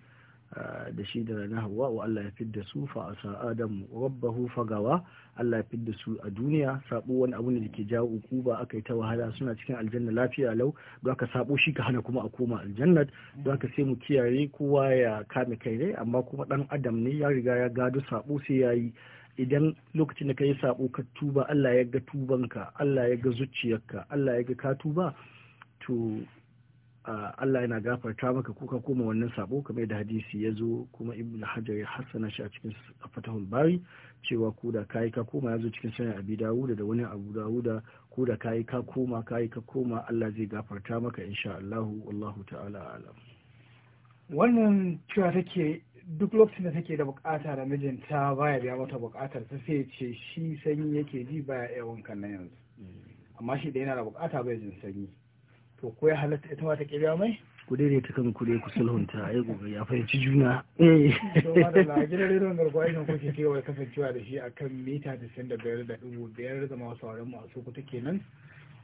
Speaker 1: da shi da na hawa wa Allah ya fidda su fa asa adam rabbahu fagawa Allah ya fidda su a duniya sabo wani abu ne da ke jawo ukuba aka yi ta wahala suna cikin aljanna lafiya lau don ka sabo shi ka hana kuma a koma aljannat don ka sai mu kiyaye kowa ya kame kai ne amma kuma dan adam ne ya riga ya gado sabo sai yayi idan lokacin da ka yi sabo ka tuba Allah ya ga tubanka Allah ya ga zuciyarka Allah ya ga ka tuba to Allah yana gafarta maka kuka koma wannan sabo kuma da hadisi ya zo kuma ibn hajar ya hassana shi a cikin fatahul bari cewa ko da kayi ka koma ya zo cikin sanin abi dawuda da wani abu dawuda ko da kayi ka koma kayi ka koma Allah zai gafarta maka insha Allah wallahu ta'ala alam wannan cewa take duk lokacin da take da bukata da mijinta baya biya mata bukatar ta sai ce shi sanyi yake ji baya yawan kan na yanzu mm. amma shi da yana da bukata bai jin sanyi to ko ya halatta ita ma ta kirya mai ku ta kan ku dai ku sulhunta ai gobe ya fahimci juna eh na gidan rediyon garkuwa ina kuke kewaye kasancewa da shi akan mita tisin da biyar da dubu biyar da masu sauran mu a sokoto kenan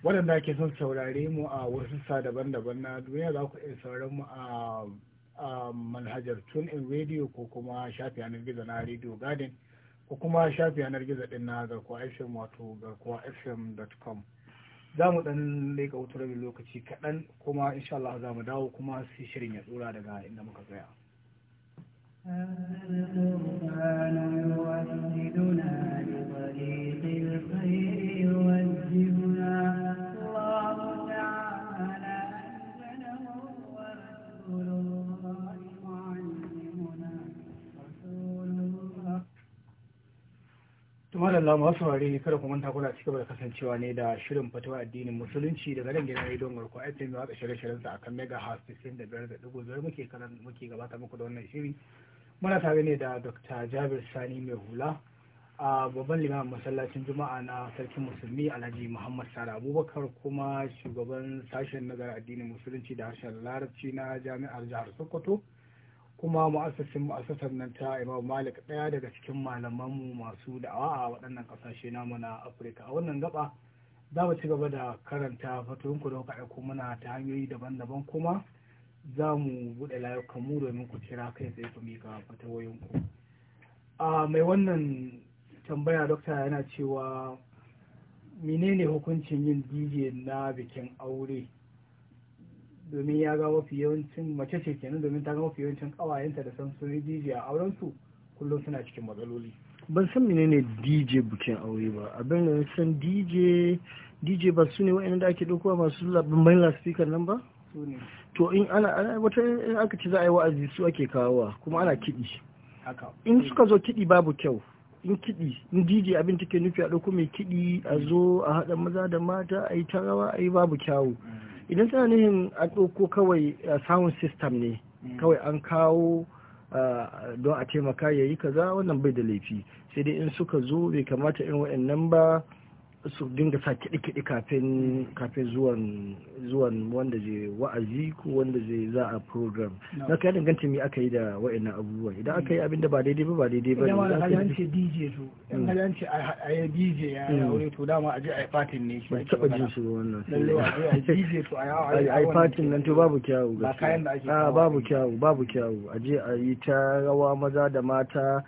Speaker 1: waɗanda ke son saurare mu a wasu sa daban-daban na duniya za ku iya sauraron mu a manhajar tune in radio ko kuma shafi yanar gizo na radio garden ko kuma shafi yanar gizo din na garkuwa fm wato garkuwa fm.com za mu dan leka wata rabin lokaci kaɗan kuma insha Allah za mu dawo kuma sai shirin ya tsura daga inda muka tsaya. القرآن يوحدنا لطريق الخير madalla masu saurare ne kada kuma manta kula cikin da kasancewa ne da shirin fatawa addinin musulunci daga nan gidan rediyon garko a fm watsa shirye-shiryen sa akan mega house 95.5 muke kanan muke gabata muku da wannan shiri muna tare ne da dr jabir sani mai hula a babban limamin masallacin juma'a na sarkin musulmi alhaji muhammad sara abubakar kuma shugaban sashen nazarin addinin musulunci da harshen larabci na jami'ar jihar sokoto kuma mu'assasin mu'assasar nan ta imam malik ɗaya daga cikin malaman mu masu da'awa a waɗannan ƙasashe namu na afirka a wannan gaba za mu ci gaba da karanta fatoyinku don kuka ku muna ta hanyoyi daban-daban kuma za mu buɗe layukan mu domin ku kira kai tsaye ku miƙa fatawoyinku a mai wannan tambaya dokta yana cewa menene hukuncin yin dj na bikin aure domin ya ga mafi yawancin mace ce kenan domin ta ga mafi yawancin kawayenta da san sun DJ a auren su kullum suna cikin matsaloli ban san menene DJ bukin aure ba abin da san DJ DJ ba su ne da ake ɗaukowa masu labin laspikar nan ba to in ana wata in aka ci za a yi wa'azi su ake kawowa kuma ana kiɗi in suka zo kiɗi babu kyau in kiɗi in abinci abin take nufi a ɗauko mai kiɗi a zo a haɗa maza da mata a yi ta rawa a yi babu kyawu mm. idan tana nihin a ɗauko kawai sound system ne mm. kawai an kawo don a taimaka yayi kaza wannan bai da laifi sai dai in suka zo bai kamata in wa'annan ba su dinga sa kiɗe-kiɗe kafin zuwan zuwan wanda zai wa'azi ko wanda zai za a program na ka danganta me aka yi da wa'annan abubuwan idan aka yi abin da ba daidai ba ba daidai ba ne. idan wani hajjan ce dj to mm. in hajjan ce a yi dj ya mm. aure to dama a je a yi fatin ne shi taɓa jin shi ba wannan lallai a yi dj to a yi fatin nan to babu kyawu ba kayan da ake ah, babu kyawu babu kyawu a je a yi ta rawa maza da mata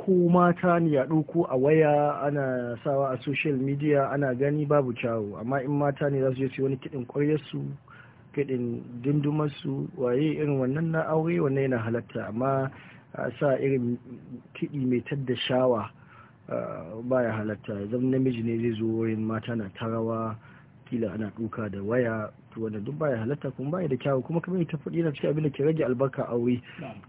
Speaker 1: ko mata ne ya ɗauko a waya ana sawa a social media ana gani babu cawo amma in mata ne za su je su wani kiɗin ƙwaryarsu kiɗin dindumarsu waye irin wannan na aure wannan yana halatta amma a sa irin kiɗi mai tadda shawa baya halatta zan namiji ne zai zo wurin mata na tarawa kila ana duka da waya to wanda duk baya halatta kuma baya da kyawu kuma kamar ta faɗi na cikin abin da ke rage albarka aure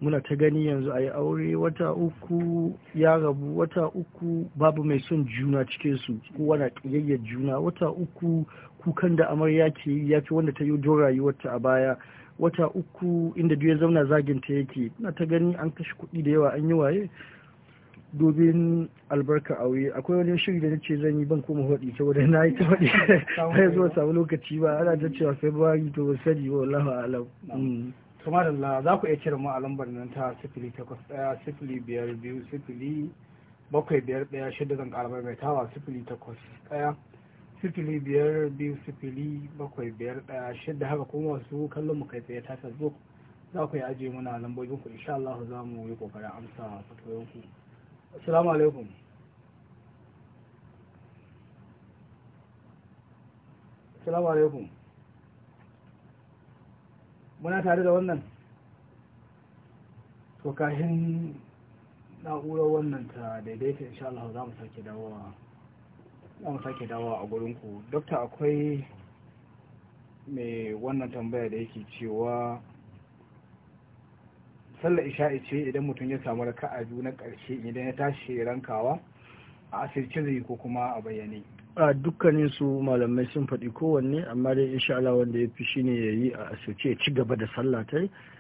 Speaker 1: muna ta gani yanzu a yi aure wata uku ya rabu wata uku babu mai son juna cikin su kowa na ƙiyayyar juna wata uku kukan da amarya ke yi ya fi wanda ta yi don rayuwarta a baya wata uku inda duk ya zauna zaginta yake muna ta gani an kashe kuɗi da yawa an yi waye dubin albarka a wuyi akwai wani shiri da nace zan yi ban koma hodi saboda na yi ta hodi sai zuwa samu lokaci ba ana da cewa february to ba wallahi ba alam kuma mm. da za ku iya cire mu a lambar nan ta sifili takwas ɗaya biyar biyu bakwai biyar ɗaya zan ƙara mai tawa sifili takwas ɗaya biyar biyu bakwai biyar ɗaya haka kuma wasu kallon mu kai tsaye ta facebook za ku yi ajiye muna ku insha Allah za mu yi kokarin amsa ku. assalamu alaikum assalamu alaikum muna tare da wannan to kashin na'urar wannan ta daidaita insha Allah za mu sake dawowa za mu sake dawowa a gurin ku dokta akwai mai wannan tambaya da yake cewa sallar isha'i ce idan mutum ya samu raka'a biyu na ƙarshe idan ya tashi rankawa a asirce zai ko kuma a bayyane a dukkanin su malamai sun faɗi kowanne amma dai insha Allah wanda ya fi shine yayi a asirce ya ci gaba da sallah ta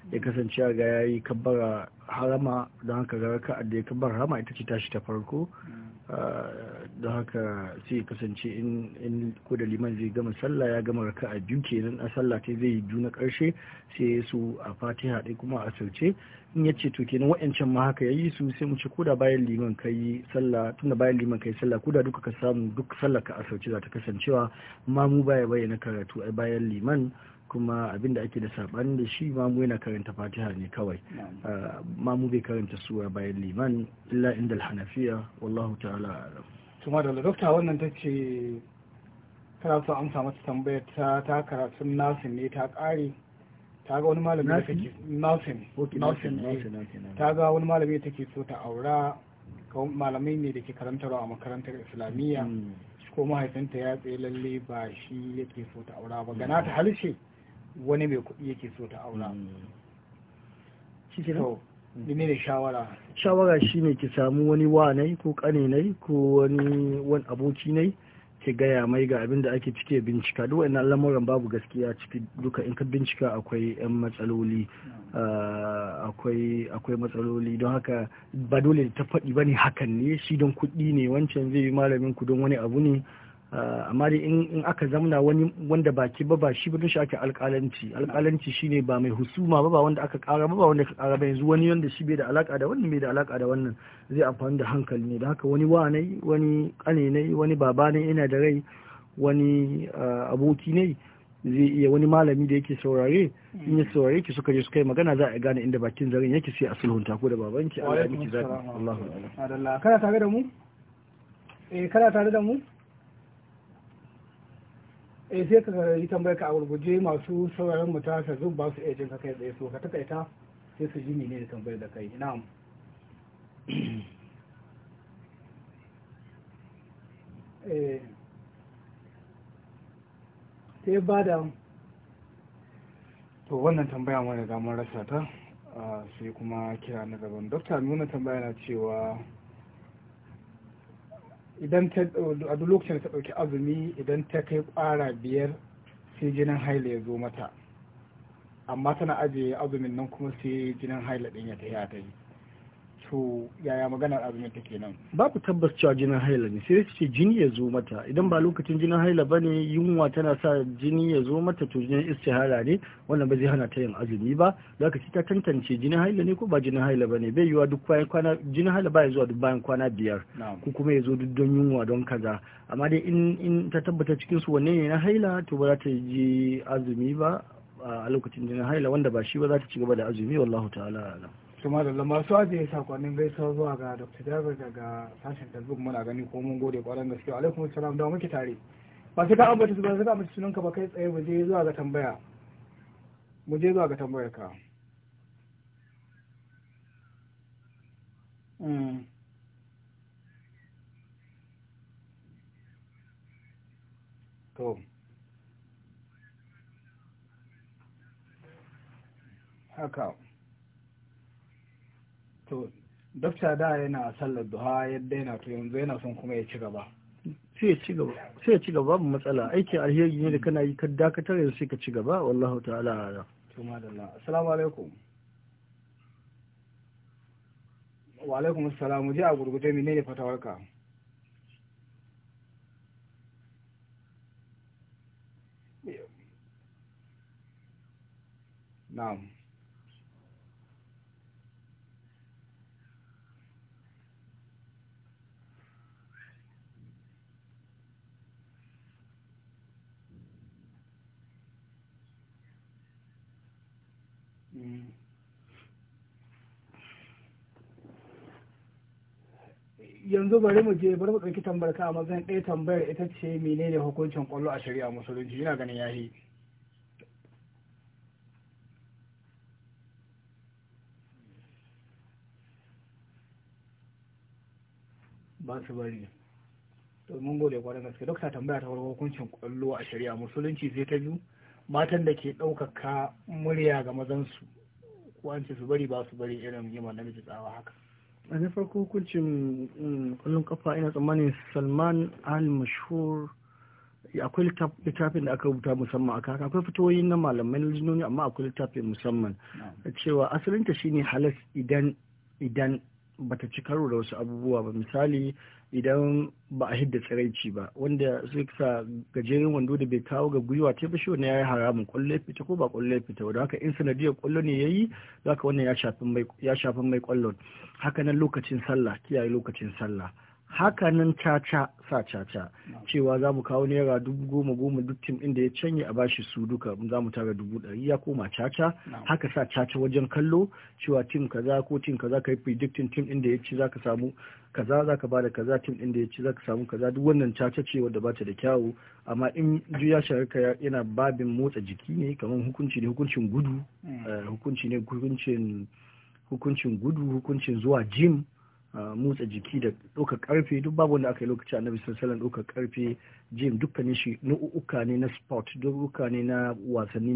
Speaker 1: ya kasance ga ya yi kabbara harama don haka ga raka da ya bar harama ita ce tashi ta farko mm. ah, don haka sai kasance in ko da liman zai gama sallah ya gama raka a biyu kenan a sallah ta zai yi biyu na karshe sai ya su a fatiha ɗai kuma a sauce in ya ce to kenan wa'ancan ma haka ya yi su sai mu ce ko da bayan liman ka yi sallah da bayan liman ka yi sallah ko da duka ka samu duk sallah ka a sauce za ta kasancewa ma mu baya bayyana karatu a bayan liman kuma abinda ake da saɓani da shi mamu yana karanta fatiha ne kawai ah, mamu bai karanta sura bayan liman illa inda alhanafiya wallahu ta'ala alam tuma da dokta wannan ta ce karatu amsa mata tambayar ta ta karatun nasin ne ta kare ta ga wani malami da take nasin nasin ta ga wani malami da take so ta aura malamai ne da ke karantarwa a makarantar islamiyya mm. ko mahaifinta ya tsaye lalle ba shi yake so ta aura ba gana mm. ta halshe wani mai kuɗi yake so ta aura mm. shi shawara shawara shine ki samu wani wanai ko kanenai ko wani wani aboki nai ki gaya mai ga abin da ake cike bincika duk wannan lamuran babu gaskiya ciki duka in ka bincika akwai yan matsaloli ah, akwai matsaloli don haka ba dole ta faɗi bane hakan ne shi don kuɗi ne wancan zai yi malamin ku don wani abu ne Eh, amma dai in aka zamna wani wanda baki ba ba shi ba shi ake alƙalanci alƙalanci shine ba mai husuma ba ba wanda aka ƙara ba ba wanda aka ƙara ba yanzu wani wanda shi bai da alaka da wannan bai da alaka da wannan zai amfani da hankali ne da haka wani wanai wani ƙane ne wani baba ne yana da rai wani eh, aboki ne zai iya wani malami da yake saurare in ya saurare ki suka je suka yi magana za a gane inda bakin zaren yake sai a sulhunta ko da babanki Allah ya miki zaki Allahu akbar kada tare da mu eh kada tare da mu eh sai ka yi tambayar ka a gurguje masu sauraron mu ta facebook ba su ejin ka kai tsaye so ka takaita sai su ji ne tambayar da kai na'am eh, sai ba da to wannan tambaya mana damar mun rasa ta ah, sai kuma kira na gaban dokta nuna tambaya na cewa idan ta a duk lokacin ta ɗauki azumi idan ta kai ƙwara biyar sai jinin haila ya zo mata amma tana ajiye azumin nan kuma sai jinin haila ɗin ya tafi ta yi to yaya maganar azumin take nan babu tabbas cewa jinin haila ne sai ce jini ya zo mata idan ba lokacin jinin haila ba yunwa tana sa jini ya zo mata to jinin istihara ne wannan ba zai hana ta yin azumi ba za ka ci ta tantance jinin haila ne ko ba jinin haila ba ne bai yiwa duk bayan kwana jinin haila ba zuwa duk bayan kwana biyar ko kuma ya zo duk don yunwa don kaza amma dai in ta tabbata cikin su wanne ne na haila to ba za ta ji azumi ba a lokacin jinin haila wanda ba shi ba za ta ci gaba da azumi wallahu ta'ala alam Tumarala masu ajiye sakonin gaisuwa zuwa ga Dr. Jabir daga sashen Facebook muna gani ko mun gode kwaran gaske. Alaikum salam da muke tare. Ba sai ka ambata su ba sai ka ambata ka ba kai tsaye mu je zuwa ga tambaya. muje zuwa ga tambayar ka. Hmm. To. Haka. to dokta da yana sallar duha yadda yana to yanzu yana son kuma ya ci gaba sai ya ci gaba sai ya ci gaba babu matsala aikin alheri ne da kana yi ka dakatar yanzu sai ka ci gaba wallahu ta'ala ala to madalla assalamu alaikum wa alaikum assalam ji a gurguje menene fatawarka na'am yanzu bari mu je bari mu ɗauki tambar ka a matsayin ɗaya tambayar ita ce menene hukuncin kwallo a shari'a musulunci yana ganin yi. ba su bari to mun gode kwarin gaske dokta tambaya ta farko hukuncin kwallo a shari'a musulunci zai ta biyu matan da ke ɗaukaka murya ga mazansu ko an ce su bari ba su bari irin yi miji tsawa haka a na farko hukuncin kullum mm, kafa ina tsammanin salman al mashhur akwai littafin da aka rubuta musamman aka haka akwai fitoyi na malamai na jinoni amma akwai littafin musamman cewa asalinta shine halas idan idan bata ci karo da wasu abubuwa ba misali idan ba a hidda tsiraici ba wanda zai sa gajeren wando da bai kawo ga gwiwa ta bashi wani ya yi haramun kwallo fita ko ba kwallo fita wadda haka in sanadiyar kwallo ne ya yi za ya shafin ya shafin mai kwallon haka nan lokacin sallah kiyaye lokacin sallah haka nan caca sa caca cewa za mu kawo naira dubu goma goma duk tim inda da ya canye a bashi su duka za mu tara dubu ɗari ya koma caca haka sa caca wajen kallo cewa tim kaza ko tim kaza ka yi predicting tim inda da ya ci za ka samu kaza za ka bada kaza tim inda da ya ci za ka samu kaza duk wannan caca ce wadda bata da kyawu amma in juya shararka yana babin motsa jiki ne kamar hukunci ne hukuncin gudu hmm. eh, hukunci ne hukuncin hukuncin gudu hukuncin zuwa gym motsa jiki da ɗaukar karfe duk babu wanda aka yi lokaci annabi sallallahu alaihi ɗaukar karfe jim dukkanin shi nau'uka ne na sport nau'uka ne na wasanni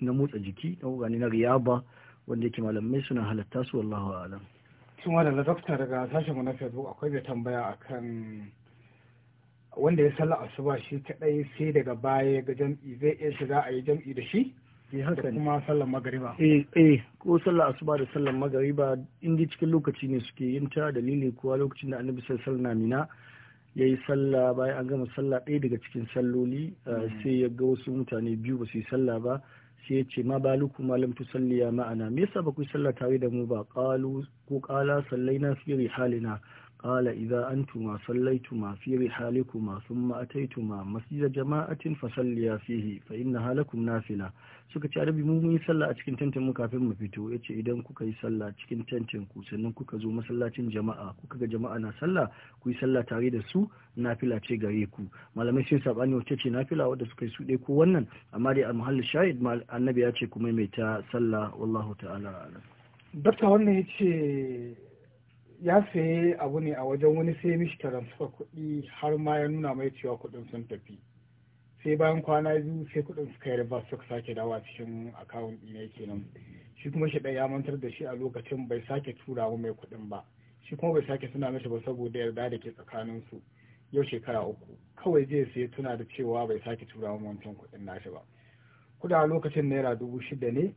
Speaker 1: na motsa jiki nau'uka ne na riyaba wanda yake malamai suna halatta su wallahu alam sun da dokta daga sashen na facebook akwai bai tambaya akan wanda ya sallar asuba shi kadai sai daga baya ga jam'i zai iya shiga a yi jam'i da shi Eh, kuma sallar magariba eh, eh, ko sallar asuba da sallar magariba inda cikin lokaci ne suke yin ta dalili kuwa lokacin da annabi sai alaihi namina mina ya yi sallah bayan an gama sallah ɗaya daga cikin salloli hmm. sai ya ga wasu mutane biyu ba su yi salla ba sai ya ce ma baluku malam tu salliya ma'ana me yasa ba ku yi salla tare da mu ba ƙalu ko sallai na fi halina قال إذا أنتما صليتما في رحالكما ثم أتيتما مسجد جماعة فصليا فيه فإنها لكم نافلة suka ci arabi mu mun sallah a cikin tantin mu kafin mu fito yace idan kuka yi sallah cikin tantin ku sannan kuka zo masallacin jama'a kuka ga jama'a na sallah ku yi sallah tare da su nafila ce gare ku malamai sun sabani wacce ce nafila wadda suka yi su dai ko wannan amma dai al shahid annabi ya ce ku maimaita sallah wallahu ta'ala alam dakta wannan yace ya saye abu ne a wajen wani sai mishi transfer kuɗi har ma ya nuna mai cewa kuɗin sun tafi sai bayan kwana biyu sai kuɗin suka yi riba suka sake dawa cikin akawun ɗina kenan shi kuma shi ya mantar da shi a lokacin bai sake tura mai kuɗin ba shi kuma bai sake suna mishi ba saboda yarda da ke tsakanin su yau shekara uku kawai zai sai tuna da cewa bai sake tura mu wancan kuɗin nashi ba kuɗa a lokacin naira dubu shida ne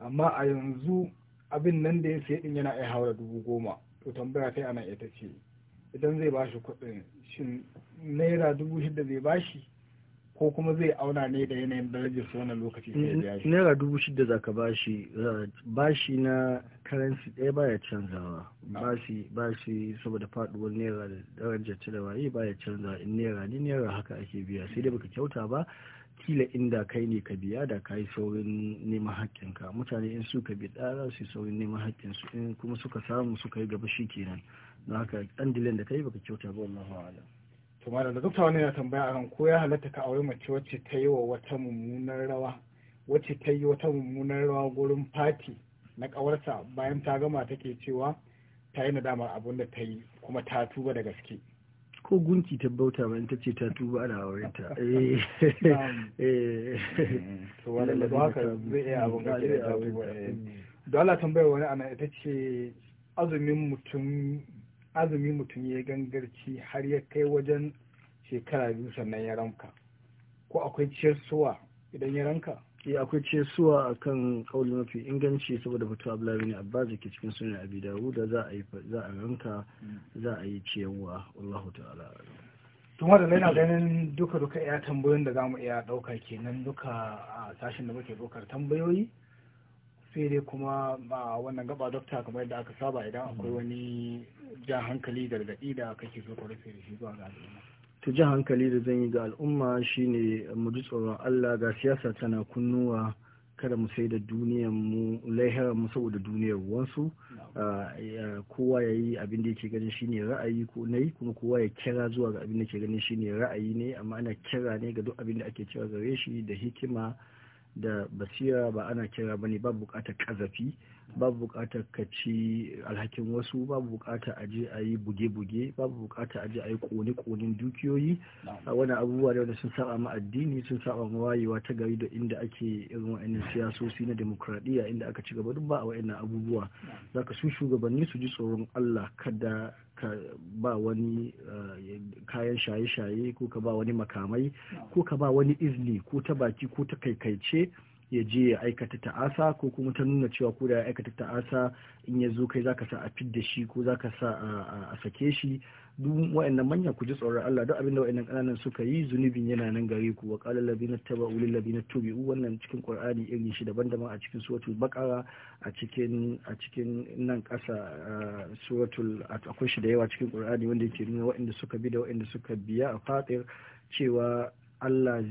Speaker 1: amma a yanzu abin nan da ya sai ɗin yana iya haura dubu goma to tambaya kai ana ita ce idan zai bashi kuɗin shin naira dubu shida zai bashi ko kuma zai auna ne da yanayin darajar su wannan lokaci sai ya biya shi naira dubu shida zaka bashi bashi na currency ɗaya baya canzawa ah. bashi bashi saboda faduwar naira da darajar ta da waye baya canzawa in naira ni naira haka ake biya sai dai baka kyauta ba kila inda kai ne ka biya da ka yi saurin neman haƙƙinka mutane in su ka bi ɗara su saurin neman haƙƙinsu in kuma suka samu suka yi gaba shi kenan don haka ɗan dilen da ka yi baka kyauta ba wannan hawala to ma da dokta wani na tambaya akan ko ya halatta ka aure mace wacce ta yi wa wata mummunar rawa wacce ta yi wata mummunar rawa gurin fati na ƙawarsa bayan ta gama take cewa ta yi nadamar abin da ta yi kuma ta tuba da gaske ko gunki ta bauta ma ta ce ta tuba ana auren ta eh, eh. wanda da haka zai iya abun da ke eh. ta tuba da Allah tambayar wani ana ita ce azumin mutum azumin mutum ya gangarci har ya kai wajen shekara biyu sannan ya ranka ko akwai ciyar suwa idan ya ranka ya eh, akwai ce suwa a kan kauli mafi inganci saboda fito abulabi ne abba ke cikin abu da wuda za a ranka za a yi ciyarwa allahu ta'ala tun wadda na ganin duka duka ya tambayoyin da zamu iya dauka kenan duka a sashen da muke dokar tambayoyi sai dai kuma a wannan gaba dokta kamar yadda aka saba idan akwai wani jan hankali gargaɗi da kake so ka rufe da shi zuwa ga ta ji hankali da zan yi ga al'umma shine mu ji tsoron Allah ga siyasa tana kunnuwa kada mu sai da duniyar mu laihara mu saboda duniyar wansu ah, kowa ya yi abin da yake ganin shine ra'ayi ko na kuma kowa ya kira zuwa ga abin da yake ganin shine ra'ayi ne amma ana kira ne ga duk abin da ake kira gare shi da hikima da basira ba ana kira bane ba bukatar kazafi babu bukatar ka ci alhakin wasu babu bukatar aje a yi buge-buge babu bukatar aje a yi kone konin dukiyoyi a wani abubuwa da wanda sun saba ma addini sun saba ma wayewa ta gari da inda ake irin wa'annan siyasosi na demokradiyya inda aka ci gaba duk ba a wa'annan abubuwa zaka su shugabanni su ji tsoron Allah kada ka ba wani eh, kayan shaye-shaye ko ka ba wani makamai ko ka ba wani izini ko ta baki ko ta kaikaice ya je ya aikata ta'asa ko kuma ta nuna cewa ko da ya aikata ta'asa in ya zo kai zaka sa a fidda shi ko zaka sa a sake shi duk wa'annan manya ku ji tsoron Allah duk abinda wa'annan kananan suka yi zunubin yana nan gare ku wa qala allazina tabau lil ladina tubi'u wannan cikin qur'ani irin shi daban-daban a cikin suratul baqara a cikin a cikin nan kasa suratul akwai shi da yawa cikin qur'ani wanda ke nuna wa'anda suka bi da wa'anda suka biya a fatir cewa Allah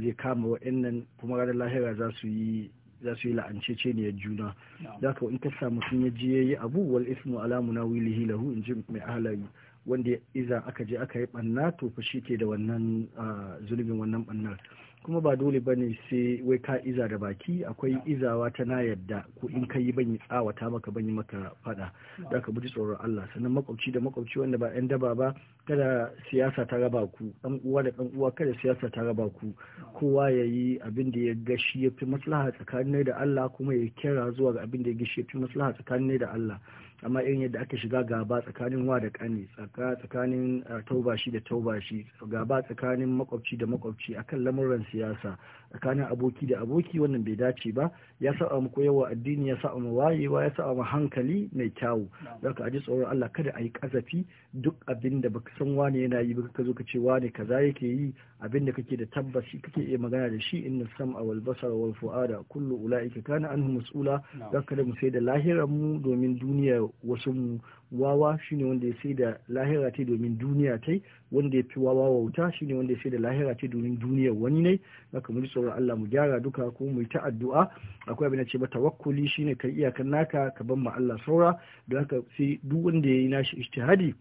Speaker 1: zai kama wa'annan kuma ranar lahira za su yi la'ance ce la'ancece juna za ka in ka mutum ya ji yayi abu wal ismu wili wilihi lahu in ji mai ahalari wanda iza aka je aka yi ɓanna to fa shi ke da wannan ah, zulubin wannan ɓannar. kuma ba dole ba ne sai wai ka iza da baki akwai izawa ta na yadda ko in ka yi ban yi tsawata maka ban yi maka fada da ka buji tsoron Allah sannan makwabci da makwabci wanda ba yan daba ba kada siyasa ta raba ku dan uwa da dan uwa kada siyasa ta raba ku kowa ya yi abin da ya ga shi ya fi maslaha tsakanin da Allah kuma ya kira zuwa ga abin da ya ga ya fi maslaha tsakanin da Allah amma irin yadda aka shiga gaba tsakanin wa da kani tsakanin eh, taubashi da taubashi gaba tsakanin makwabci da makwabci akan lamuran siyasa tsakanin aboki da aboki wannan bai dace ba ya saba mu koyarwa addini ya saba mu wayewa ya saba mu hankali mai kyawu zaka aji tsoron Allah kada a kazafi duk abin da baka san wani yana yi baka ka zo ka ce wani kaza yake yi abin da kake da tabbas shi kake iya magana da shi inna sam'a wal basara wal fu'ada kullu ulaika kana anhu mas'ula zaka da mu sai da lahiran mu domin duniya wasu wawa shine wanda ya sai da lahira ce domin duniya tai wanda ya fi wawa shi ne wanda ya sai da lahira ce domin duniyar wani ne haka mu ji tsoron Allah mu gyara duka ko mu yi ta addu'a akwai abin da ce ba tawakkuli shine kai iyakan naka ka ban ma Allah saura don haka sai duk wanda ya yi nashi ijtihadi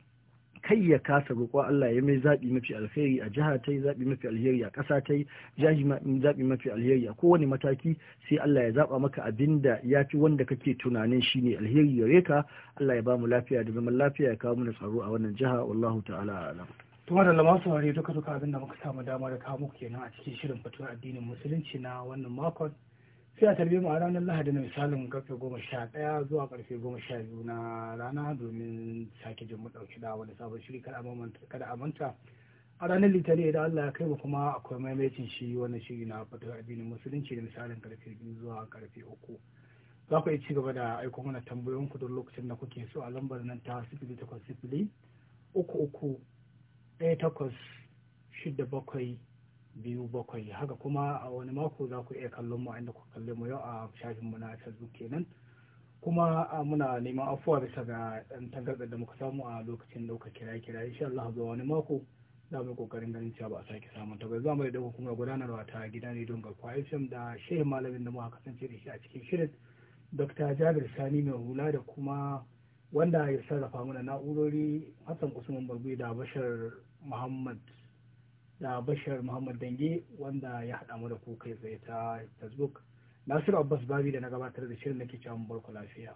Speaker 1: kai ya kasa roƙo Allah ya mai zaɓi mafi alheri a jiha ta yi zaɓi mafi alheri a ƙasa ta yi zaɓi mafi alheri a kowane mataki sai Allah ya zaɓa maka abin da ya fi wanda kake tunanin shi ne alheri ya reka Allah ya ba mu lafiya da zaman lafiya ya kawo mana tsaro a wannan jiha wallahu ta'ala alam. tuma da lamar saurari duka duka abin da muka samu dama da kawo muku kenan a cikin shirin fatuwar addinin musulunci na wannan makon sai a tarbe mu a ranar lahadi na misalin karfe goma sha ɗaya zuwa karfe goma sha biyu na rana domin sake jin mu da wani sabon shiri kada a manta a ranar litani idan Allah ya kai mu kuma akwai maimacin shi wannan shiri na fata addinin musulunci da misalin karfe biyu zuwa karfe uku za ku yi ci gaba da aiko mana tambayoyin ku don lokacin da kuke so a lambar nan ta sifili takwas sifili uku uku ɗaya takwas shida bakwai biyu bakwai haka kuma a wani mako za ku iya kallon mu inda ku kalle mu yau a shafin mu na facebook kenan kuma muna neman afuwa bisa ga ɗan tangarɗar da muka samu a lokacin ɗauka kira kira insha Allah zuwa wani mako za mu kokarin ganin cewa ba a sake samun ta ba za mu da kuma gudanarwa ta gida ne don garkuwa fm da shehin malamin da mu kasance da shi a cikin shirin dr jabir sani mai hula da kuma wanda ya sarrafa mana na'urori hassan usman barbi da bashar muhammad da bashar muhammad dange wanda ya haɗa mu da ku kai ta facebook nasiru abbas babi da na gabatar da shirin da ke cewa mu lafiya